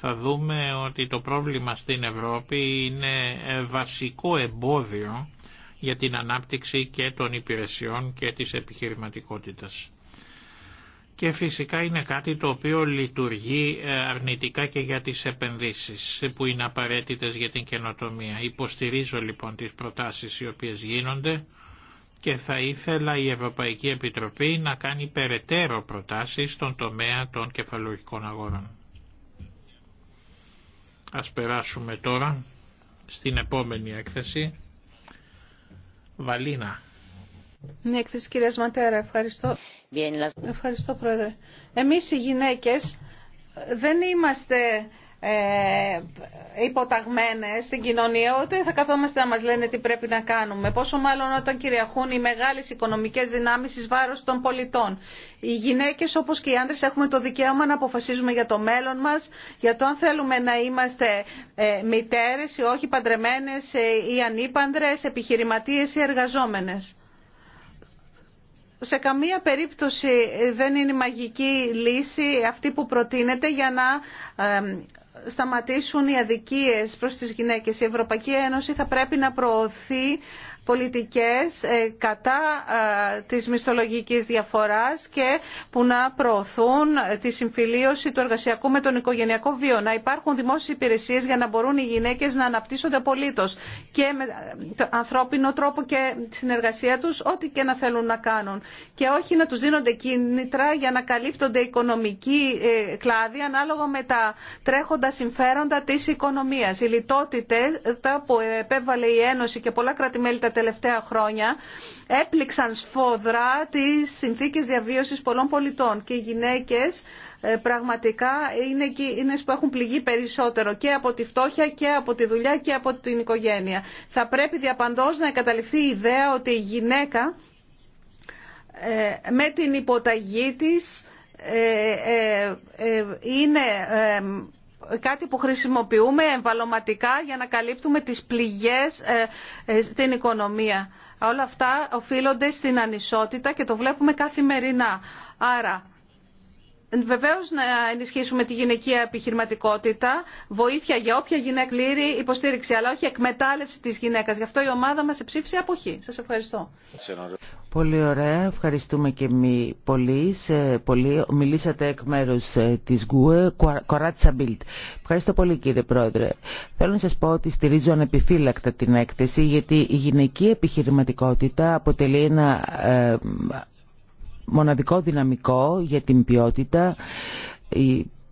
θα δούμε ότι το πρόβλημα στην Ευρώπη είναι ε, βασικό εμπόδιο για την ανάπτυξη και των υπηρεσιών και της επιχειρηματικότητας. Και φυσικά είναι κάτι το οποίο λειτουργεί ε, αρνητικά και για τις επενδύσεις που είναι απαραίτητες για την καινοτομία. Υποστηρίζω λοιπόν τις προτάσεις οι οποίες γίνονται και θα ήθελα η Ευρωπαϊκή Επιτροπή να κάνει περαιτέρω προτάσεις στον τομέα των κεφαλογικών αγορών. Ας περάσουμε τώρα στην επόμενη έκθεση. Βαλίνα. Ναι, έκθεση κυρίας Ματέρα. Ευχαριστώ. Bien, las... Ευχαριστώ, Πρόεδρε. Εμείς οι γυναίκες δεν είμαστε ε, υποταγμένες στην κοινωνία, ούτε θα καθόμαστε να μας λένε τι πρέπει να κάνουμε. Πόσο μάλλον όταν κυριαρχούν οι μεγάλες οικονομικές δυνάμεις ει βάρο των πολιτών. Οι γυναίκες όπως και οι άντρε, έχουμε το δικαίωμα να αποφασίζουμε για το μέλλον μας, για το αν θέλουμε να είμαστε ε, μητέρες ή όχι παντρεμένες ε, ή ανήπαντρες, επιχειρηματίες ή εργαζόμενες. Σε καμία περίπτωση δεν είναι η οχι παντρεμενες η ανηπαντρε επιχειρηματιε η εργαζομενε σε καμια περιπτωση δεν αυτή που προτείνεται για να ε, σταματήσουν οι αδικίες προς τις γυναίκες. Η Ευρωπαϊκή Ένωση θα πρέπει να προωθεί πολιτικές ε, κατά ε, της μισθολογικής διαφοράς και που να προωθούν ε, τη συμφιλίωση του εργασιακού με τον οικογενειακό βίο. Να υπάρχουν δημόσιες υπηρεσίες για να μπορούν οι γυναίκες να αναπτύσσονται απολύτως και με ανθρώπινο τρόπο και συνεργασία τους ό,τι και να θέλουν να κάνουν. Και όχι να τους δίνονται κίνητρα για να καλύπτονται οικονομικοί κλάδοι ανάλογα με τα τρέχοντα συμφέροντα της οικονομίας. Οι λιτότητες που επέβαλε η Ένωση και πολλά τελευταία χρόνια έπληξαν σφοδρά τις συνθήκες διαβίωσης πολλών πολιτών και οι γυναίκες ε, πραγματικά είναι εκείνες που έχουν πληγεί περισσότερο και από τη φτώχεια και από τη δουλειά και από την οικογένεια. Θα πρέπει διαπαντός να εγκαταληφθεί η ιδέα ότι η γυναίκα ε, με την υποταγή της ε, είναι κάτι που χρησιμοποιούμε εμβαλωματικά για να καλύπτουμε τις πληγές ε, ε, στην οικονομία. Όλα αυτά οφείλονται στην ανισότητα και το βλέπουμε καθημερινά. Άρα Βεβαίω να ενισχύσουμε τη γυναικεία επιχειρηματικότητα, βοήθεια για όποια γυναίκα πλήρη υποστήριξη, αλλά όχι εκμετάλλευση τη γυναίκα. Γι' αυτό η ομάδα μα ψήφισε αποχή. Σα ευχαριστώ. Πολύ ωραία. Ευχαριστούμε και εμεί πολύ. πολύ. Μιλήσατε εκ μέρου ε, τη ΓΚΟΕ, Κοράτσα Μπιλτ. Ευχαριστώ πολύ κύριε Πρόεδρε. Θέλω να σα πω ότι στηρίζω ανεπιφύλακτα την έκθεση, γιατί η γυναική επιχειρηματικότητα αποτελεί ένα ε, μοναδικό δυναμικό για την ποιότητα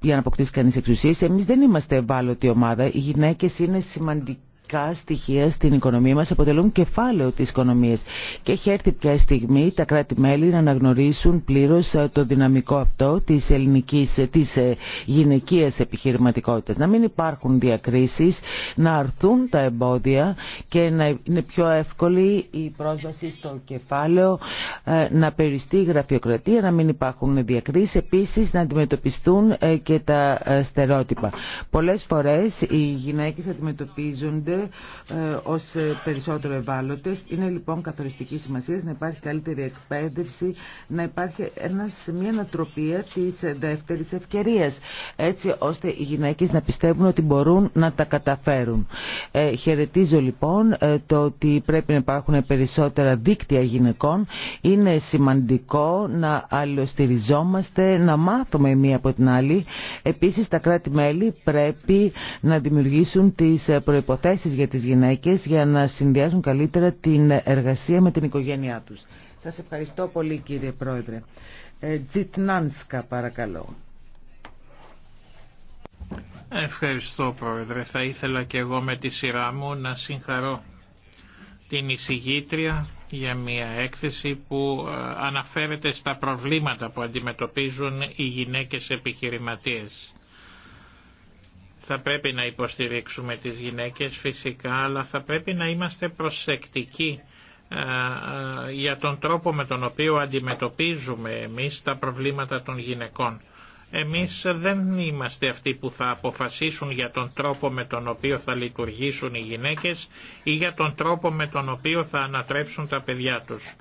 για να αποκτήσει κανείς εξουσίες. Εμείς δεν είμαστε ευάλωτη ομάδα. Οι γυναίκες είναι σημαντικοί βασικά στοιχεία στην οικονομία μας αποτελούν κεφάλαιο της οικονομίας και έχει έρθει πια στιγμή τα κράτη-μέλη να αναγνωρίσουν πλήρως ε, το δυναμικό αυτό της ελληνικής, ε, της ε, γυναικείας επιχειρηματικότητας. Να μην υπάρχουν διακρίσεις, να αρθούν τα εμπόδια και να είναι πιο εύκολη η πρόσβαση στο κεφάλαιο, να περιστεί η γραφειοκρατία, να μην υπάρχουν διακρίσεις, επίσης να αντιμετωπιστούν και τα στερότυπα. Πολλές φορές οι γυναίκες αντιμετωπίζονται ω ε, ως περισσότερο ευάλωτες. Είναι λοιπόν καθοριστική σημασία να υπάρχει καλύτερη εκπαίδευση, να υπάρχει ένας, μια ανατροπία της δεύτερης ευκαιρίας, έτσι ώστε οι γυναίκες να πιστεύουν ότι μπορούν να τα καταφέρουν. Ε, χαιρετίζω λοιπόν ε, το ότι πρέπει να υπάρχουν περισσότερα δίκτυα γυναικών. Είναι σημαντικό να αλληλοστηριζόμαστε, να μάθουμε μία από την άλλη. Επίσης τα κράτη-μέλη πρέπει να δημιουργήσουν τις προϋποθέσεις για τις γυναίκες για να συνδυάσουν καλύτερα την εργασία με την οικογένειά τους. Σας ευχαριστώ πολύ κύριε Πρόεδρε. Ε, Τζιτνάνσκα παρακαλώ. Ευχαριστώ Πρόεδρε. Θα ήθελα και εγώ με τη σειρά μου να συγχαρώ την εισηγήτρια για μια έκθεση που ε, αναφέρεται στα προβλήματα που αντιμετωπίζουν οι γυναίκες επιχειρηματίες. Θα πρέπει να υποστηρίξουμε τις γυναίκες φυσικά, αλλά θα πρέπει να είμαστε προσεκτικοί ε, ε, για τον τρόπο με τον οποίο αντιμετωπίζουμε εμείς τα προβλήματα των γυναικών. Εμείς δεν είμαστε αυτοί που θα αποφασίσουν για τον τρόπο με τον οποίο θα λειτουργήσουν οι γυναίκες ή για τον τρόπο με τον οποίο θα ανατρέψουν τα παιδιά τους.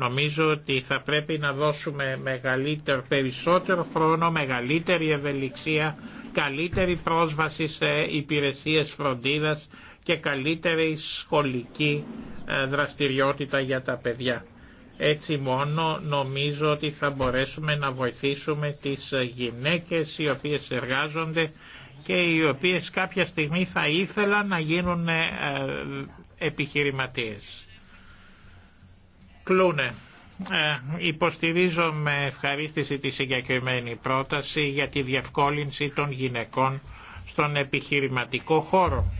Νομίζω ότι θα πρέπει να δώσουμε μεγαλύτερο, περισσότερο χρόνο, μεγαλύτερη ευελιξία, καλύτερη πρόσβαση σε υπηρεσίες φροντίδας και καλύτερη σχολική ε, δραστηριότητα για τα παιδιά. Έτσι μόνο νομίζω ότι θα μπορέσουμε να βοηθήσουμε τις γυναίκες οι οποίες εργάζονται και οι οποίες κάποια στιγμή θα ήθελαν να γίνουν ε, ε, επιχειρηματίες. Κλούνε. Ε, υποστηρίζω με ευχαρίστηση τη συγκεκριμένη πρόταση για τη διευκόλυνση των γυναικών στον επιχειρηματικό χώρο.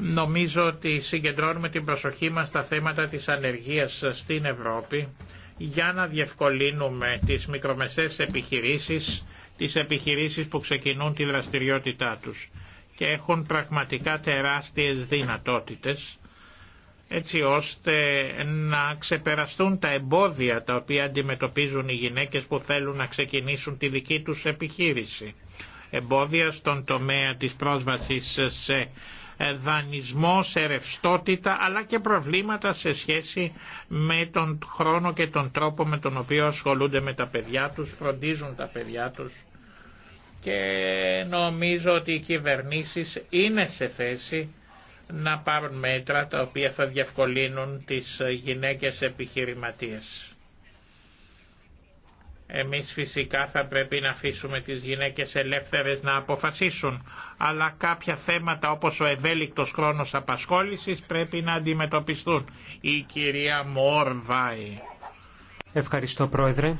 Νομίζω ότι συγκεντρώνουμε την προσοχή μας στα θέματα της ανεργίας στην Ευρώπη για να διευκολύνουμε τις μικρομεσαίες επιχειρήσεις, τις επιχειρήσεις που ξεκινούν τη δραστηριότητά τους και έχουν πραγματικά τεράστιες δυνατότητες έτσι ώστε να ξεπεραστούν τα εμπόδια τα οποία αντιμετωπίζουν οι γυναίκες που θέλουν να ξεκινήσουν τη δική τους επιχείρηση. Εμπόδια στον τομέα της πρόσβασης σε ε, δανεισμό, σε ρευστότητα, αλλά και προβλήματα σε σχέση με τον χρόνο και τον τρόπο με τον οποίο ασχολούνται με τα παιδιά τους, φροντίζουν τα παιδιά τους. Και νομίζω ότι οι κυβερνήσεις είναι σε θέση να πάρουν μέτρα τα οποία θα διευκολύνουν τις γυναίκες επιχειρηματίες. Εμείς φυσικά θα πρέπει να αφήσουμε τις γυναίκες ελεύθερες να αποφασίσουν, αλλά κάποια θέματα όπως ο ευέλικτος χρόνος απασχόλησης πρέπει να αντιμετωπιστούν. Η κυρία Μόρβάη. Ευχαριστώ Πρόεδρε.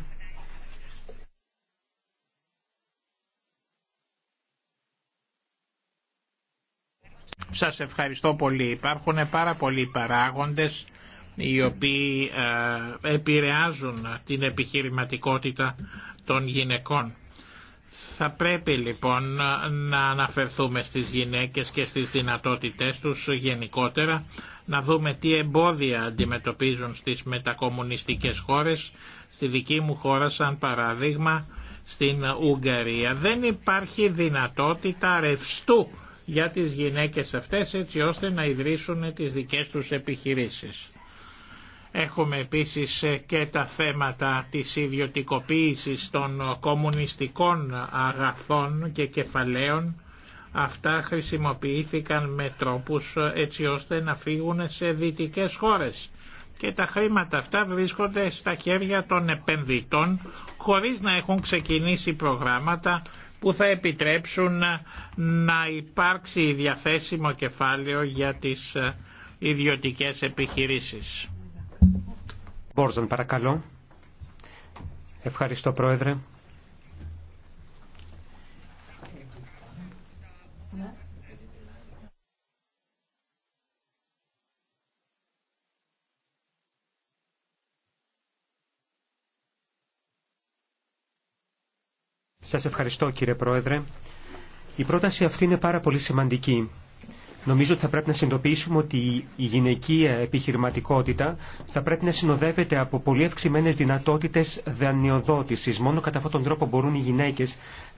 Σας ευχαριστώ πολύ. Υπάρχουν πάρα πολλοί παράγοντες οι οποίοι ε, επηρεάζουν την επιχειρηματικότητα των γυναικών. Θα πρέπει λοιπόν ε, να αναφερθούμε στις γυναίκες και στις δυνατότητές τους γενικότερα, να δούμε τι εμπόδια αντιμετωπίζουν στις μετακομμουνιστικές χώρες, στη δική μου χώρα σαν παράδειγμα στην Ουγγαρία. Δεν υπάρχει δυνατότητα ρευστού για τις γυναίκες αυτές έτσι ώστε να ιδρύσουν τις δικές τους επιχειρήσεις. Έχουμε επίσης ε, και τα θέματα της ιδιωτικοποίησης των κομμουνιστικών αγαθών και κεφαλαίων. Αυτά χρησιμοποιήθηκαν με τρόπους ε, έτσι ώστε να φύγουν σε δυτικές χώρες και τα χρήματα αυτά βρίσκονται στα χέρια των επενδυτών χωρίς να έχουν ξεκινήσει προγράμματα που θα επιτρέψουν να υπάρξει διαθέσιμο κεφάλαιο για τις ε, ιδιωτικές επιχειρήσεις. Μπόρζον, παρακαλώ. Ευχαριστώ, Πρόεδρε. Σας ευχαριστώ κύριε Πρόεδρε. Η πρόταση αυτή είναι πάρα πολύ σημαντική. Νομίζω ότι θα πρέπει να συνειδητοποιήσουμε ότι η γυναική ε, επιχειρηματικότητα θα πρέπει να συνοδεύεται από πολύ αυξημένε δυνατότητε δανειοδότηση. Μόνο κατά αυτόν τον τρόπο μπορούν οι γυναίκε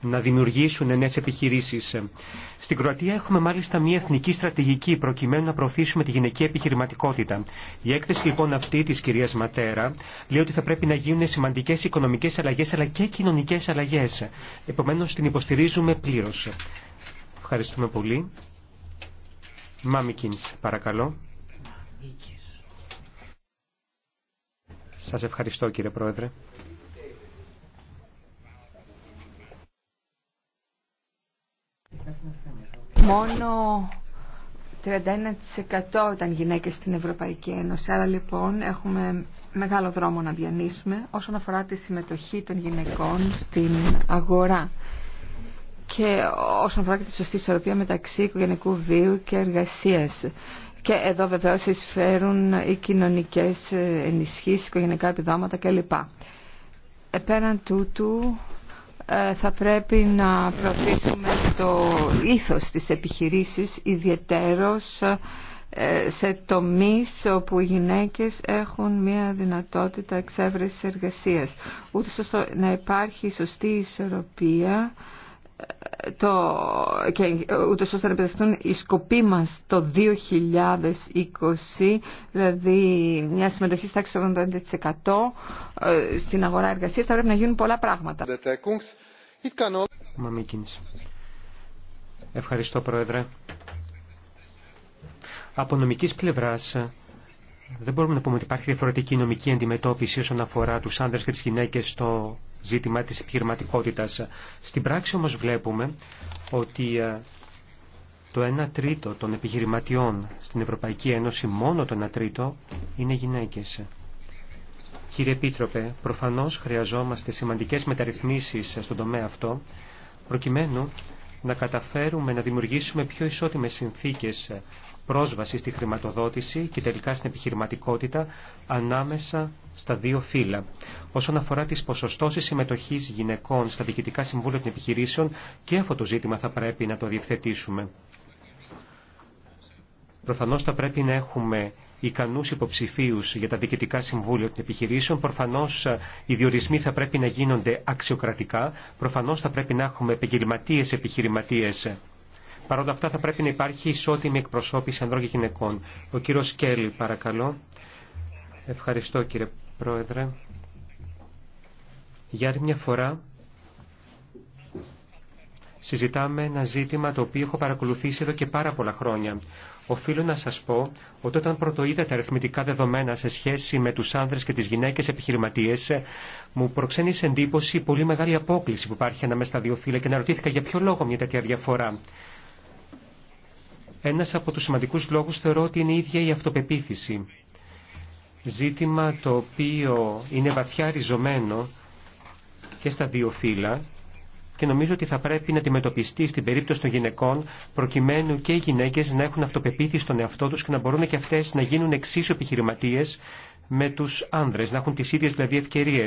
να δημιουργήσουν νέε επιχειρήσει. Ε, στην Κροατία έχουμε μάλιστα μια εθνική στρατηγική προκειμένου να προωθήσουμε τη γυναική επιχειρηματικότητα. Η έκθεση λοιπόν αυτή τη κυρία Ματέρα λέει ότι θα πρέπει να γίνουν σημαντικέ οικονομικέ αλλαγέ αλλά και κοινωνικέ αλλαγέ. Επομένω την υποστηρίζουμε πλήρω. Ευχαριστούμε πολύ. Μάμικινς, παρακαλώ. Σας ευχαριστώ κύριε Πρόεδρε. Μόνο 31% ήταν γυναίκες στην Ευρωπαϊκή Ένωση. Άρα λοιπόν έχουμε μεγάλο δρόμο να διανύσουμε όσον αφορά τη συμμετοχή των γυναικών στην αγορά και όσον αφορά και τη σωστή ισορροπία μεταξύ οικογενειακού βίου και εργασίας. Και εδώ βεβαίως εισφέρουν οι κοινωνικές ενισχύσεις, οικογενειακά επιδόματα κλπ. Πέραν τούτου ε, θα πρέπει να προωθήσουμε το ήθος της επιχειρήσης ιδιαιτέρως ε, σε τομείς όπου οι γυναίκες έχουν μια δυνατότητα εξέβρεσης εργασίας. Ούτως ώστε να υπάρχει σωστή ισορροπία το, και ούτως ώστε να επιτευχθούν οι σκοποί μας το 2020, δηλαδή μια συμμετοχή στα 80% ε, στην αγορά εργασίας, θα πρέπει να γίνουν πολλά πράγματα. Ευχαριστώ Πρόεδρε. Από νομικής πλευράς ε, δεν μπορούμε να πούμε ότι υπάρχει διαφορετική νομική αντιμετώπιση όσον αφορά τους άνδρες και τις γυναίκες στο ζήτημα της επιχειρηματικότητα. Στην πράξη όμως βλέπουμε ότι ε, το 1 τρίτο των επιχειρηματιών στην Ευρωπαϊκή Ένωση, μόνο το 1 τρίτο, είναι γυναίκες. Κύριε Επίτροπε, προφανώς χρειαζόμαστε σημαντικές μεταρρυθμίσεις στον τομέα αυτό, προκειμένου να καταφέρουμε να δημιουργήσουμε πιο ισότιμες συνθήκες πρόσβαση στη χρηματοδότηση και τελικά στην επιχειρηματικότητα ανάμεσα στα δύο φύλλα. Όσον αφορά τις ποσοστώσεις συμμετοχής γυναικών στα διοικητικά συμβούλια των επιχειρήσεων και αυτό το ζήτημα θα πρέπει να το διευθετήσουμε. Προφανώς θα πρέπει να έχουμε ικανούς υποψηφίους για τα διοικητικά συμβούλια των επιχειρήσεων. Προφανώς ε, οι διορισμοί θα πρέπει να γίνονται αξιοκρατικά. Προφανώς θα πρέπει να έχουμε επαγγελματίε επιχειρηματίες Παρ' αυτά θα πρέπει να υπάρχει ισότιμη εκπροσώπηση ανδρών και γυναικών. Ο κύριο Κέλλη, παρακαλώ. Ευχαριστώ κύριε Πρόεδρε. Για άλλη μια φορά συζητάμε ένα ζήτημα το οποίο έχω παρακολουθήσει εδώ και πάρα πολλά χρόνια. Οφείλω να σας πω ότι όταν πρωτοείδα τα αριθμητικά δεδομένα σε σχέση με τους άνδρες και τις γυναίκες επιχειρηματίες, μου προξένησε εντύπωση η πολύ μεγάλη απόκληση που υπάρχει ανάμεσα στα δύο φύλλα και αναρωτήθηκα για ποιο λόγο μια τέτοια διαφορά. Ένας από τους σημαντικούς λόγους θεωρώ ότι είναι η ίδια η αυτοπεποίθηση. Ζήτημα το οποίο είναι βαθιά ριζωμένο και στα δύο φύλλα και νομίζω ότι θα πρέπει να αντιμετωπιστεί στην περίπτωση των γυναικών προκειμένου και οι γυναίκες να έχουν αυτοπεποίθηση στον εαυτό τους και να μπορούν και αυτές να γίνουν εξίσου επιχειρηματίες με του άνδρες, να έχουν τι ίδιε δηλαδή ευκαιρίε.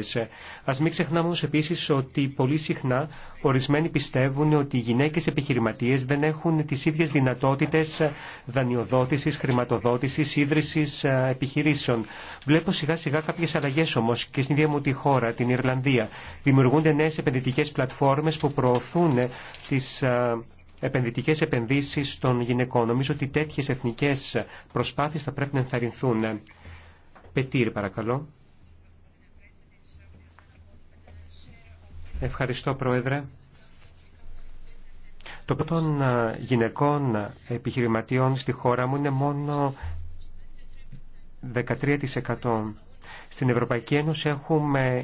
Α μην ξεχνάμε όμω επίση ότι πολύ συχνά ορισμένοι πιστεύουν ότι οι γυναίκε επιχειρηματίε δεν έχουν τι ίδιε δυνατότητε δανειοδότηση, χρηματοδότηση, ίδρυση ε, επιχειρήσεων. Βλέπω σιγά σιγά κάποιε αλλαγέ όμω και στην ίδια μου τη χώρα, την Ιρλανδία. Δημιουργούνται νέε επενδυτικέ πλατφόρμες που προωθούν τι ε, επενδυτικέ επενδύσει των γυναικών. Νομίζω ότι τέτοιε εθνικέ προσπάθειε θα πρέπει να ενθαρρυνθούν. Πετήρ, παρακαλώ. Ευχαριστώ, Πρόεδρε. Το πρώτο των ε, γυναικών ε, επιχειρηματιών στη χώρα μου είναι μόνο 13%. Στην Ευρωπαϊκή Ένωση έχουμε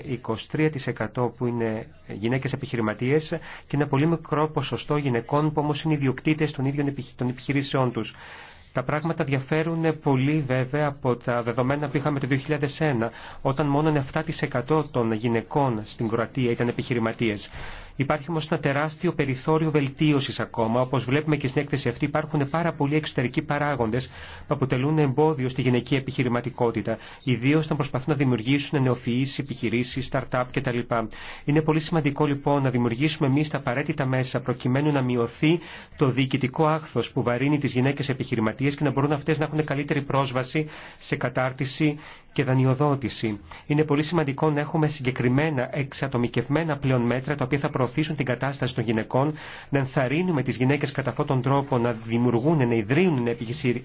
23% που είναι γυναίκες επιχειρηματίες και ένα πολύ μικρό ποσοστό γυναικών που όμως είναι ιδιοκτήτες των ίδιων των επιχειρήσεών τους. Τα πράγματα διαφέρουν πολύ βέβαια από τα δεδομένα που είχαμε το 2001, όταν μόνο 7% των γυναικών στην Κροατία ήταν επιχειρηματίες. Υπάρχει όμω ένα τεράστιο περιθώριο βελτίωση ακόμα. Όπω βλέπουμε και στην έκθεση αυτή, υπάρχουν πάρα πολλοί εξωτερικοί παράγοντε που αποτελούν εμπόδιο στη γυναική επιχειρηματικότητα, ιδίω όταν προσπαθούν να δημιουργήσουν νεοφυεί επιχειρήσει, start-up κτλ. Είναι πολύ σημαντικό λοιπόν να δημιουργήσουμε εμεί τα απαραίτητα μέσα προκειμένου να μειωθεί το διοικητικό άχθο που βαρύνει τι γυναίκε επιχειρηματίε και να μπορούν αυτέ να έχουν καλύτερη πρόσβαση σε κατάρτιση και δανειοδότηση. Είναι πολύ σημαντικό να έχουμε συγκεκριμένα εξατομικευμένα πλέον μέτρα τα οποία θα προωθήσουν την κατάσταση των γυναικών, να ενθαρρύνουμε τι γυναίκε κατά αυτόν τον τρόπο να δημιουργούν, να ιδρύουν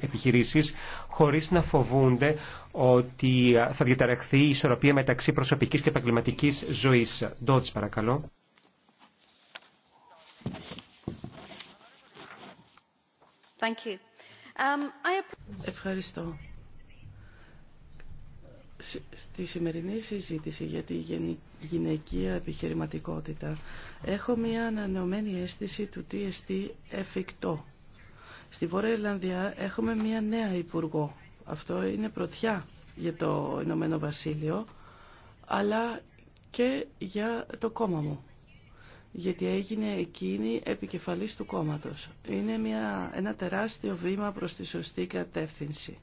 επιχειρήσει χωρί να φοβούνται ότι θα διαταραχθεί η ισορροπία μεταξύ προσωπική και επαγγελματική ζωή. παρακαλώ. Thank you. Um, I... Ευχαριστώ στη σημερινή συζήτηση για τη γυναικεία επιχειρηματικότητα έχω μια ανανεωμένη αίσθηση του τι εστί εφικτό. Στη Βόρεια Ιρλανδία έχουμε μια νέα υπουργό. Αυτό είναι πρωτιά για το Ηνωμένο Βασίλειο, αλλά και για το κόμμα μου. Γιατί έγινε εκείνη επικεφαλής του κόμματος. Είναι μια, ένα τεράστιο βήμα προς τη σωστή κατεύθυνση.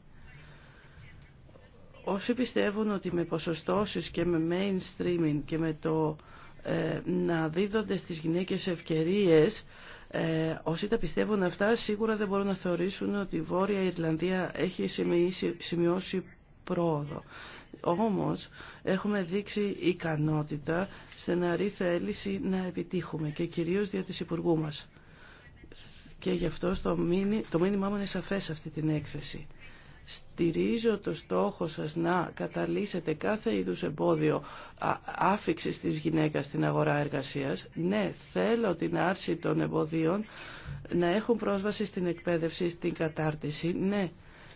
Όσοι πιστεύουν ότι με ποσοστώσεις και με mainstreaming και με το ε, να δίδονται στις γυναίκες ευκαιρίες, ε, όσοι τα πιστεύουν αυτά σίγουρα δεν μπορούν να θεωρήσουν ότι η Βόρεια Ιρλανδία έχει σημειώσει, πρόοδο. Όμως έχουμε δείξει ικανότητα, στεναρή θέληση να επιτύχουμε και κυρίως δια της Υπουργού μας. Και γι' αυτό το, το μήνυμά μου είναι σαφές αυτή την έκθεση. Στηρίζω το στόχο σας να καταλύσετε κάθε είδους εμπόδιο άφηξη της γυναίκας στην αγορά εργασίας. Ναι, θέλω την άρση των εμποδίων να έχουν πρόσβαση στην εκπαίδευση, στην κατάρτιση. Ναι,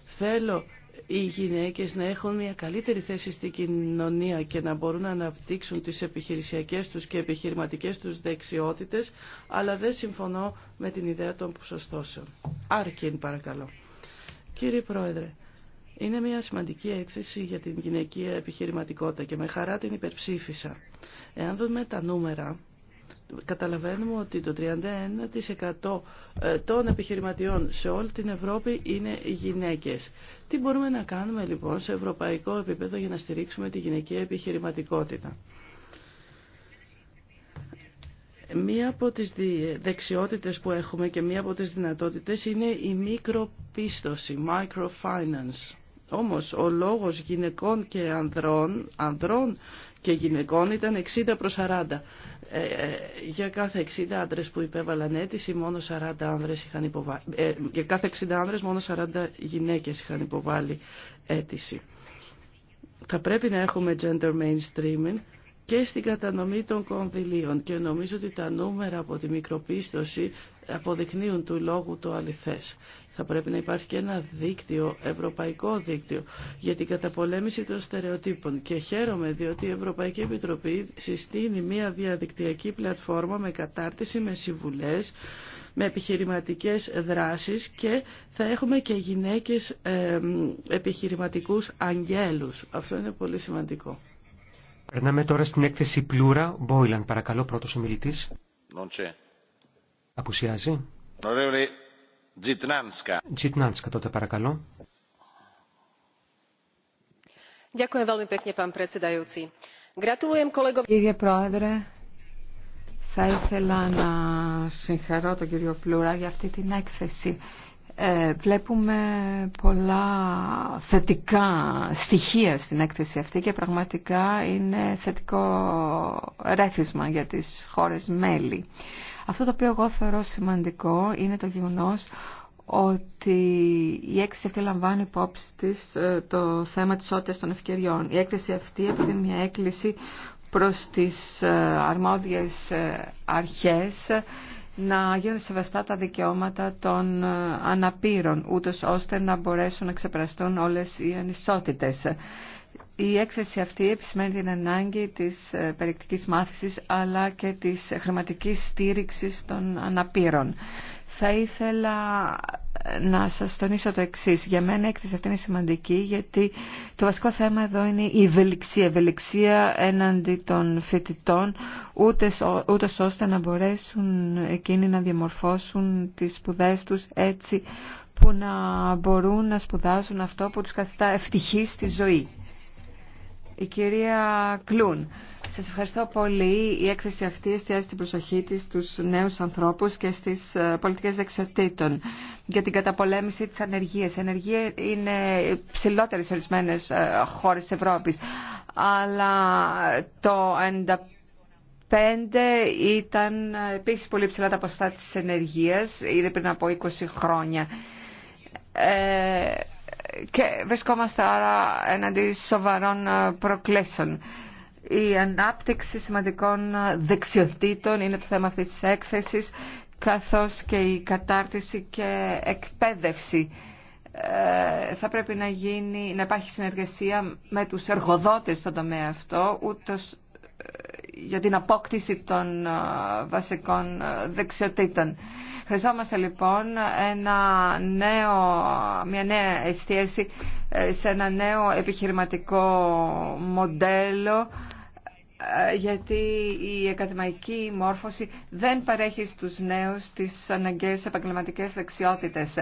θέλω οι γυναίκες να έχουν μια καλύτερη θέση στην κοινωνία και να μπορούν να αναπτύξουν τις επιχειρησιακές τους και επιχειρηματικές τους δεξιότητες, αλλά δεν συμφωνώ με την ιδέα των ποσοστώσεων. Άρκιν, παρακαλώ. Κύριε Πρόεδρε, είναι μια σημαντική έκθεση για την γυναική επιχειρηματικότητα και με χαρά την υπερψήφισα. Εάν δούμε τα νούμερα, καταλαβαίνουμε ότι το 31% ε, των επιχειρηματιών σε όλη την Ευρώπη είναι γυναίκες. Τι μπορούμε να κάνουμε λοιπόν σε ευρωπαϊκό επίπεδο για να στηρίξουμε τη γυναική επιχειρηματικότητα. Μία από τις δεξιότητες που έχουμε και μία από τις δυνατότητες είναι η μικροπίστωση, microfinance. Όμως ο λόγος γυναικών και ανδρών, ανδρών και γυναικών ήταν 60 προς 40. Ε, ε, για κάθε 60 άντρες που υπέβαλαν αίτηση, μόνο 40 άνδρες είχαν υποβάλει. για κάθε 60 άνδρες, μόνο 40 γυναίκες είχαν υποβάλει αίτηση. Θα πρέπει να έχουμε gender mainstreaming και στην κατανομή των κονδυλίων και νομίζω ότι τα νούμερα από τη μικροπίστωση αποδεικνύουν του λόγου το αληθές. Θα πρέπει να υπάρχει και ένα δίκτυο, ευρωπαϊκό δίκτυο, για την καταπολέμηση των στερεοτύπων. Και χαίρομαι διότι η Ευρωπαϊκή Επιτροπή συστήνει μια διαδικτυακή πλατφόρμα με κατάρτιση, με συμβουλές, με επιχειρηματικές δράσεις και θα έχουμε και γυναίκες επιχειρηματικούς αγγέλους. Αυτό είναι πολύ σημαντικό. Περνάμε τώρα στην έκθεση Πλούρα Μπόιλαν. Παρακαλώ, πρώτος ο Απουσιάζει. Τζιτνάνσκα. Τζιτνάνσκα, τότε παρακαλώ. Κύριε Πρόεδρε, θα ήθελα να συγχαρώ τον κύριο Πλούρα για αυτή την έκθεση. Ε, βλέπουμε πολλά θετικά στοιχεία στην έκθεση αυτή και πραγματικά είναι θετικό ρέθισμα για τις χώρες μέλη. Αυτό το οποίο εγώ θεωρώ σημαντικό είναι το γεγονός ότι η έκθεση αυτή λαμβάνει υπόψη της ε, το θέμα της ότητας των ευκαιριών. Η έκθεση αυτή είναι μια έκκληση προς τις ε, αρμόδιες αρχές να γίνουν σεβαστά τα δικαιώματα των ε, αναπήρων, ούτως ώστε να μπορέσουν να ξεπεραστούν όλες οι ανισότητες. Η έκθεση αυτή επισημαίνει την ανάγκη της ε, περιεκτικής μάθησης αλλά και της χρηματικής στήριξης των αναπήρων. Θα ήθελα ε, να σας τονίσω το εξής. Για μένα η έκθεση αυτή είναι σημαντική γιατί το βασικό θέμα εδώ είναι η ευελιξία. Ευελιξία έναντι των φοιτητών ούτε ώστε να μπορέσουν εκείνοι να διαμορφώσουν τις σπουδέ τους έτσι που να μπορούν να σπουδάσουν αυτό που τους καθιστά ευτυχείς στη ζωή. Η κυρία Κλούν, σας ευχαριστώ πολύ. Η έκθεση αυτή εστιάζει την προσοχή της στους νέους ανθρώπους και στις ε, πολιτικές δεξιοτήτων για την καταπολέμηση της ανεργίας. Η ανεργία είναι ψηλότερη σε ορισμένες ε, χώρες της Ευρώπης, αλλά το 95 ήταν επίσης πολύ ψηλά τα ποστά της ενεργείας, ήδη πριν από 20 χρόνια. Ε, και βρισκόμαστε άρα εναντί σοβαρών ε, προκλήσεων. Η ανάπτυξη σημαντικών ε, δεξιοτήτων είναι το θέμα αυτής της έκθεσης, καθώς και η κατάρτιση και εκπαίδευση ε, θα πρέπει να, γίνει, να υπάρχει συνεργασία με τους εργοδότες στον τομέα αυτό, ούτως για την απόκτηση των ε, βασικών ε, δεξιοτήτων. Χρειαζόμαστε λοιπόν ένα νέο, μια νέα εστίαση ε, σε ένα νέο επιχειρηματικό μοντέλο ε, γιατί η ακαδημαϊκή μόρφωση δεν παρέχει στους νέους τις αναγκαίες επαγγελματικές δεξιότητες.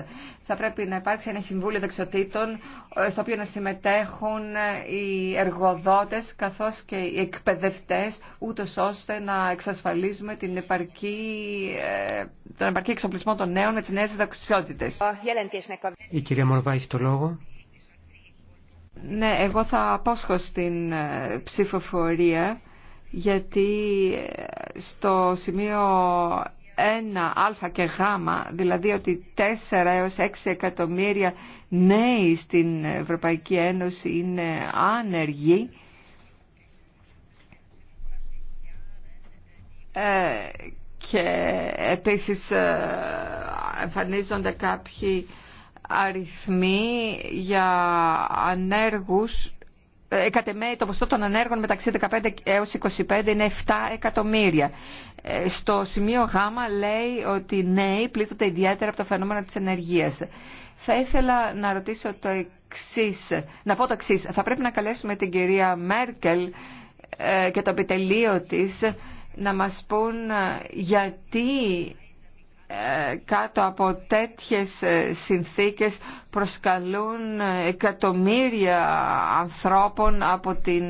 Θα πρέπει να υπάρξει ένα συμβούλιο δεξιοτήτων ε, στο οποίο να συμμετέχουν ε, οι εργοδότες καθώς και οι εκπαιδευτές ούτως ώστε να εξασφαλίζουμε την επαρκή, τον επαρκή εξοπλισμό των νέων με τις νέες δεξιότητες. Η κυρία Μορβά έχει το λόγο. Ναι, εγώ θα απόσχω στην ψηφοφορία γιατί ε, στο σημείο 1α και γ, δηλαδή ότι 4 έως 6 εκατομμύρια νέοι στην Ευρωπαϊκή Ένωση είναι άνεργοι, ε, και επίσης ε, εμφανίζονται κάποιοι αριθμοί για ανέργους ε, το ποσοστό των ανέργων μεταξύ 15 έως 25 είναι 7 εκατομμύρια. Ε, στο σημείο Γ λέει ότι οι νέοι πλήττονται ιδιαίτερα από το φαινόμενο της ενεργείας. Θα ήθελα να ρωτήσω το εξής, να πω το εξής. Θα πρέπει να καλέσουμε την κυρία Μέρκελ ε, και το επιτελείο της να μας πούν ε, γιατί ε, κάτω από τέτοιες ε, συνθήκες προσκαλούν ε, εκατομμύρια ανθρώπων από την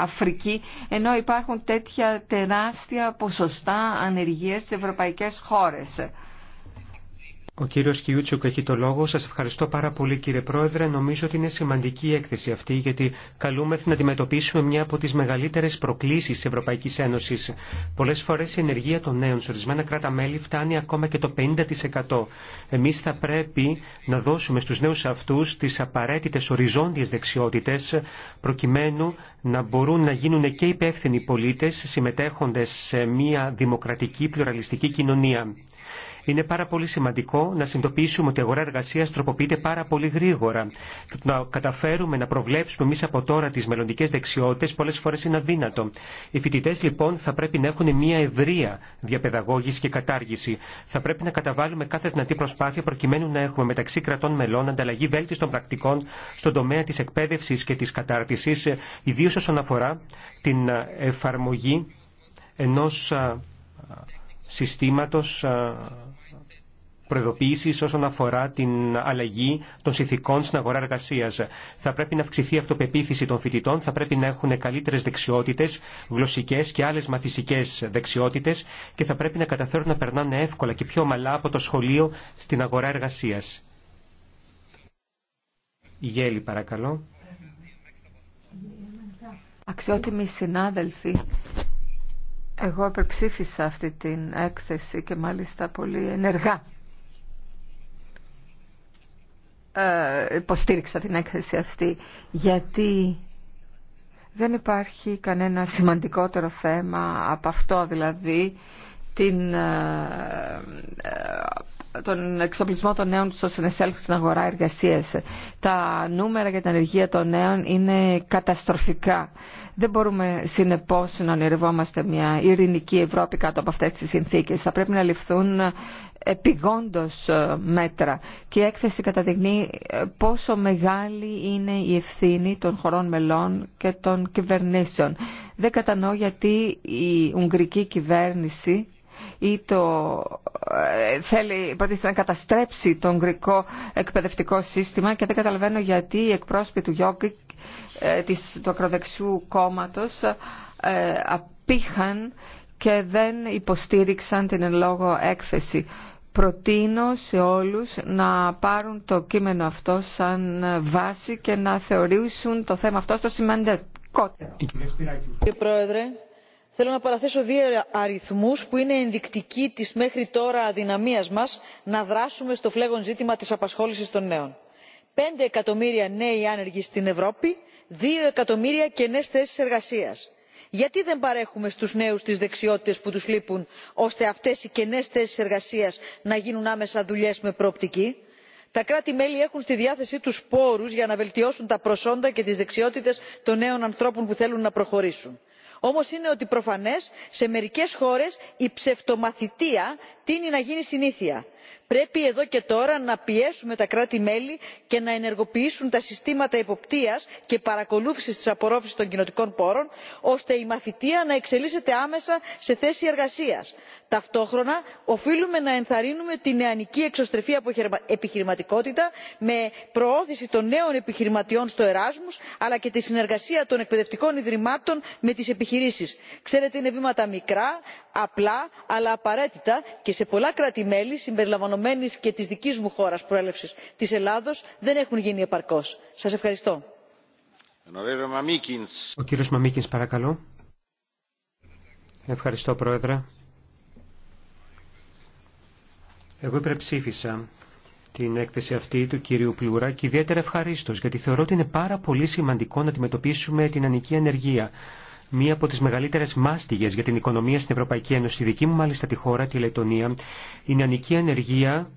Αφρική ενώ υπάρχουν τέτοια τεράστια ποσοστά ανεργίας στις ευρωπαϊκές χώρες. Ο κύριος Κιούτσουκ έχει το λόγο. Σας ευχαριστώ πάρα πολύ κύριε Πρόεδρε. Νομίζω ότι είναι σημαντική η έκθεση αυτή γιατί καλούμε να αντιμετωπίσουμε μια από τις μεγαλύτερες προκλήσεις της Ευρωπαϊκής Ένωσης. Πολλές φορές η ενεργεία των νέων σε ορισμένα κράτα-μέλη φτάνει ακόμα και το 50%. Εμείς θα πρέπει να δώσουμε στους νέους αυτούς τις απαραίτητες οριζόντιες δεξιότητες προκειμένου να μπορούν να γίνουν και υπεύθυνοι πολίτες συμμετέχοντες σε μια δημοκρατική πλουραλιστική κοινωνία. Είναι πάρα πολύ σημαντικό να συνειδητοποιήσουμε ότι η αγορά εργασία τροποποιείται πάρα πολύ γρήγορα. Και να καταφέρουμε να προβλέψουμε εμεί από τώρα τι μελλοντικέ δεξιότητε πολλέ φορέ είναι αδύνατο. Οι φοιτητέ λοιπόν θα πρέπει να έχουν μια ευρεία διαπαιδαγώγηση και κατάργηση. Θα πρέπει να καταβάλουμε κάθε δυνατή προσπάθεια προκειμένου να έχουμε μεταξύ κρατών μελών ανταλλαγή βέλτιστων πρακτικών στον τομέα τη εκπαίδευση και τη κατάρτιση, ιδίω όσον αφορά την εφαρμογή ενός συστήματος προειδοποίηση όσον αφορά την αλλαγή των συνθηκών στην αγορά εργασία. Θα πρέπει να αυξηθεί η αυτοπεποίθηση των φοιτητών, θα πρέπει να έχουν καλύτερε δεξιότητε, γλωσσικέ και άλλε μαθησικέ δεξιότητε και θα πρέπει να καταφέρουν να περνάνε εύκολα και πιο ομαλά από το σχολείο στην αγορά εργασία. Γέλη, παρακαλώ. Αξιότιμοι συνάδελφοι, εγώ επεψήφισα αυτή την έκθεση και μάλιστα πολύ ενεργά. Ε, υποστήριξα την έκθεση αυτή γιατί δεν υπάρχει κανένα σημαντικότερο θέμα από αυτό δηλαδή την ε, ε, τον εξοπλισμό των νέων στο συνεσέλφου στην αγορά εργασία. Τα νούμερα για την ανεργία των νέων είναι καταστροφικά. Δεν μπορούμε συνεπώς να ονειρευόμαστε μια ειρηνική Ευρώπη κάτω από αυτέ τι συνθήκε. Θα πρέπει να ληφθούν επιγόντως ε, μέτρα. Και η έκθεση καταδεικνύει ε, πόσο μεγάλη είναι η ευθύνη των χωρών μελών και των κυβερνήσεων. Δεν κατανοώ γιατί η Ουγγρική κυβέρνηση ή το ε, θέλει προτίθεται να καταστρέψει τον γρικό εκπαιδευτικό σύστημα και δεν καταλαβαίνω γιατί οι εκπρόσωποι του Γιώργη ε, του ακροδεξιού κόμματος ε, απήχαν και δεν υποστήριξαν την εν λόγω έκθεση. Προτείνω σε όλους να πάρουν το κείμενο αυτό σαν βάση και να θεωρήσουν το θέμα αυτό στο σημαντικότερο. Κύριε Πρόεδρε, θέλω να παραθέσω δύο αριθμούς που είναι ενδεικτικοί της μέχρι τώρα αδυναμίας μας να δράσουμε στο φλέγον ζήτημα της απασχόλησης των νέων πέντε εκατομμύρια νέοι άνεργοι στην ευρώπη δύο εκατομμύρια κενές θέσεις εργασίας. γιατί δεν παρέχουμε στους νέους τις δεξιότητες που τους λείπουν ώστε αυτές οι κενές θέσεις εργασίας να γίνουν άμεσα δουλειές με προοπτική; τα κράτη μέλη έχουν στη διάθεσή τους πόρους για να βελτιώσουν τα προσόντα και τις δεξιότητες των νέων ανθρώπων που θέλουν να προχωρήσουν όμως είναι ότι προφανές σε μερικές χώρες η ψευτομαθητεία τείνει να γίνει συνήθεια πρέπει εδώ και τώρα να πιέσουμε τα κράτη μέλη και να ενεργοποιήσουν τα συστήματα εποπτείας και παρακολούθησης της απορρόφησης των κοινοτικών πόρων ώστε η μαθητεία να εξελίσσεται άμεσα σε θέση εργασίας. ταυτόχρονα οφείλουμε να ενθαρρύνουμε τη νεανική εξωστρεφή επιχειρηματικότητα με προώθηση των νέων επιχειρηματιών στο εράσμους αλλά και τη συνεργασία των εκπαιδευτικών ιδρυμάτων με τις επιχειρήσεις. ξέρετε είναι βήματα μικρά απλά αλλά απαραίτητα και σε πολλά κράτη μέλη συμπεριλαμβανομένης και της δικής μου χώρας προέλευσης της ελλάδος δεν έχουν γίνει επαρκώς. σας ευχαριστώ. Ο κύριος Μαμίκινς, παρακαλώ. Ευχαριστώ, Πρόεδρε. Εγώ υπερψήφισα την έκθεση αυτή του κυρίου Πλούρα και ιδιαίτερα ευχαρίστω γιατί θεωρώ ότι είναι πάρα πολύ σημαντικό να αντιμετωπίσουμε την ανική ανεργία μία από τις μεγαλύτερες μάστιγες για την οικονομία στην Ευρωπαϊκή Ένωση. η δική μου μάλιστα τη χώρα, τη Λετωνία, η νεανική ανεργία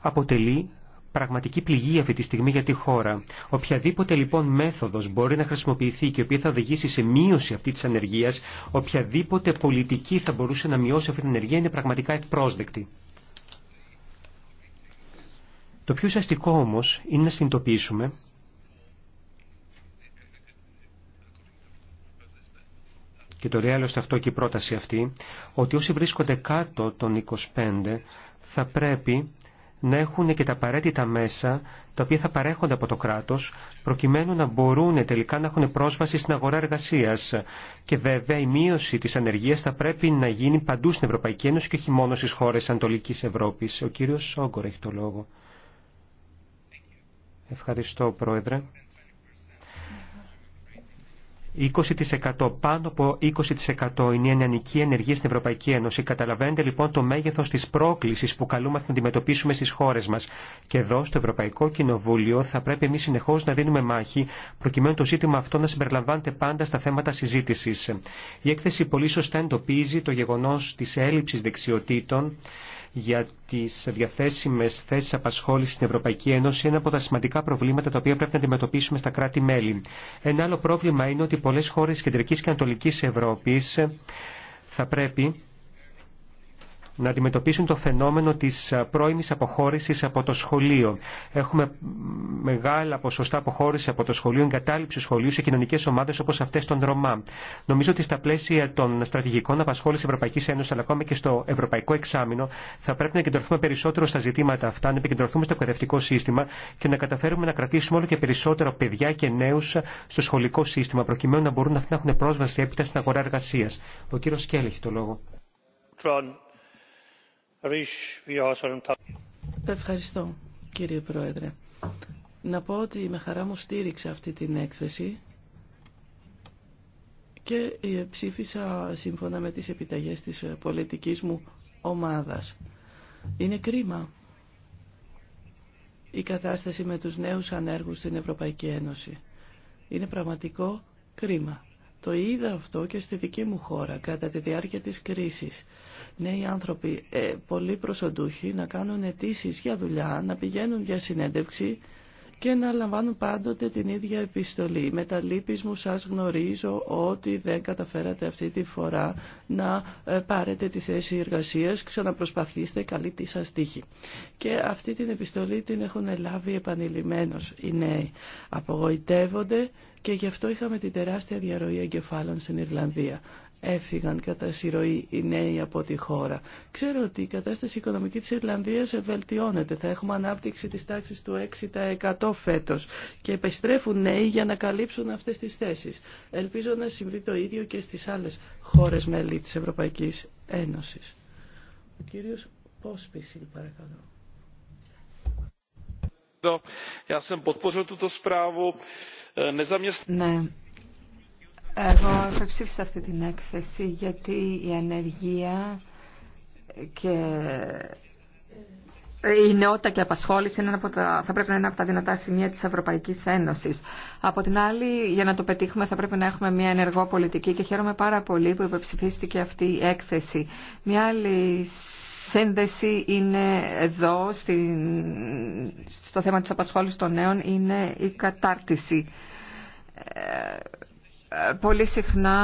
αποτελεί πραγματική πληγή αυτή τη στιγμή για τη χώρα. Οποιαδήποτε λοιπόν μέθοδος μπορεί να χρησιμοποιηθεί και η οποία θα οδηγήσει σε μείωση αυτή της ανεργίας, οποιαδήποτε πολιτική θα μπορούσε να μειώσει αυτή την ανεργία είναι πραγματικά ευπρόσδεκτη. Το πιο ουσιαστικό όμως είναι να συνειδητοποιήσουμε και το σε αυτό και η πρόταση αυτή, ότι όσοι βρίσκονται κάτω των 25 θα πρέπει να έχουν και τα απαραίτητα μέσα τα οποία θα παρέχονται από το κράτος προκειμένου να μπορούν τελικά να έχουν πρόσβαση στην αγορά εργασίας. Και βέβαια η μείωση της ανεργίας θα πρέπει να γίνει παντού στην Ευρωπαϊκή Ένωση και όχι μόνο στις χώρες Αντολικής Ευρώπης. Ο κύριος Σόγκορ έχει το λόγο. Ευχαριστώ Πρόεδρε. 20% πάνω από 20% είναι η νεανική ενεργία στην Ευρωπαϊκή Ένωση. Καταλαβαίνετε λοιπόν το μέγεθο τη πρόκληση που καλούμαστε να αντιμετωπίσουμε στι χώρε μα. Και εδώ στο Ευρωπαϊκό Κοινοβούλιο θα πρέπει εμεί συνεχώ να δίνουμε μάχη προκειμένου το ζήτημα αυτό να συμπεριλαμβάνεται πάντα στα θέματα συζήτηση. Η έκθεση πολύ σωστά εντοπίζει το γεγονό τη έλλειψη δεξιοτήτων για τις διαθέσιμες θέσεις απασχόλησης στην Ευρωπαϊκή Ένωση ένα από τα σημαντικά προβλήματα τα οποία πρέπει να αντιμετωπίσουμε στα κράτη-μέλη. Ένα άλλο πρόβλημα είναι ότι πολλές χώρες κεντρικής και ανατολικής Ευρώπης θα πρέπει να αντιμετωπίσουν το φαινόμενο της πρώιμης αποχώρησης από το σχολείο. Έχουμε μεγάλα ποσοστά αποχώρηση από το σχολείο, εγκατάλειψη σχολείου σε κοινωνικές ομάδες όπως αυτές των Ρωμά. Νομίζω ότι στα πλαίσια των στρατηγικών απασχόληση Ευρωπαϊκής Ένωσης αλλά ακόμα και στο Ευρωπαϊκό Εξάμεινο θα πρέπει να κεντρωθούμε περισσότερο στα ζητήματα αυτά, να επικεντρωθούμε στο εκπαιδευτικό σύστημα και να καταφέρουμε να κρατήσουμε όλο και περισσότερο παιδιά και νέου στο σχολικό σύστημα προκειμένου να μπορούν να έχουν πρόσβαση έπειτα στην αγορά εργασία. Ο κύριο το λόγο. Ευχαριστώ κύριε Πρόεδρε. Να πω ότι με χαρά μου στήριξα αυτή την έκθεση και ε, ψήφισα σύμφωνα με τις επιταγές της ε, πολιτικής μου ομάδας. Είναι κρίμα η κατάσταση με τους νέους ανέργους στην Ευρωπαϊκή Ένωση. Είναι πραγματικό κρίμα. Το είδα αυτό και στη δική μου χώρα κατά τη διάρκεια της κρίσης. Νέοι άνθρωποι, ε, πολλοί προσοντούχοι, να κάνουν αιτήσει για δουλειά, να πηγαίνουν για συνέντευξη και να λαμβάνουν πάντοτε την ίδια επιστολή. Με τα λύπης μου σας γνωρίζω ότι δεν καταφέρατε αυτή τη φορά να ε, πάρετε τη θέση εργασίας, ξαναπροσπαθήστε καλή τη σας τύχη. Και αυτή την επιστολή την έχουν λάβει επανειλημμένως οι νέοι. Απογοητεύονται και γι' αυτό είχαμε την τεράστια διαρροή εγκεφάλων στην Ιρλανδία έφυγαν κατά συρροή οι νέοι από τη χώρα. Ξέρω ότι η κατάσταση οικονομική της Ιρλανδίας βελτιώνεται. Θα έχουμε ανάπτυξη της τάξης του 6% φέτος και επιστρέφουν νέοι για να καλύψουν αυτές τις θέσεις. Ελπίζω να συμβεί το ίδιο και στις άλλες χώρες μέλη της Ευρωπαϊκής Ένωσης. Ο κύριος Πόσπισιλ παρακαλώ. Ναι, εγώ υπερψήφισα αυτή την έκθεση γιατί η ανεργία και η νεότητα και η απασχόληση είναι από τα, θα πρέπει να είναι από τα δυνατά σημεία της Ευρωπαϊκής Ένωσης. Από την άλλη, για να το πετύχουμε θα πρέπει να έχουμε μια ενεργό πολιτική και χαίρομαι πάρα πολύ που υποψηφίστηκε αυτή η έκθεση. Μια άλλη σύνδεση είναι εδώ στο θέμα της απασχόλησης των νέων είναι η κατάρτιση. Ε, ε, πολύ συχνά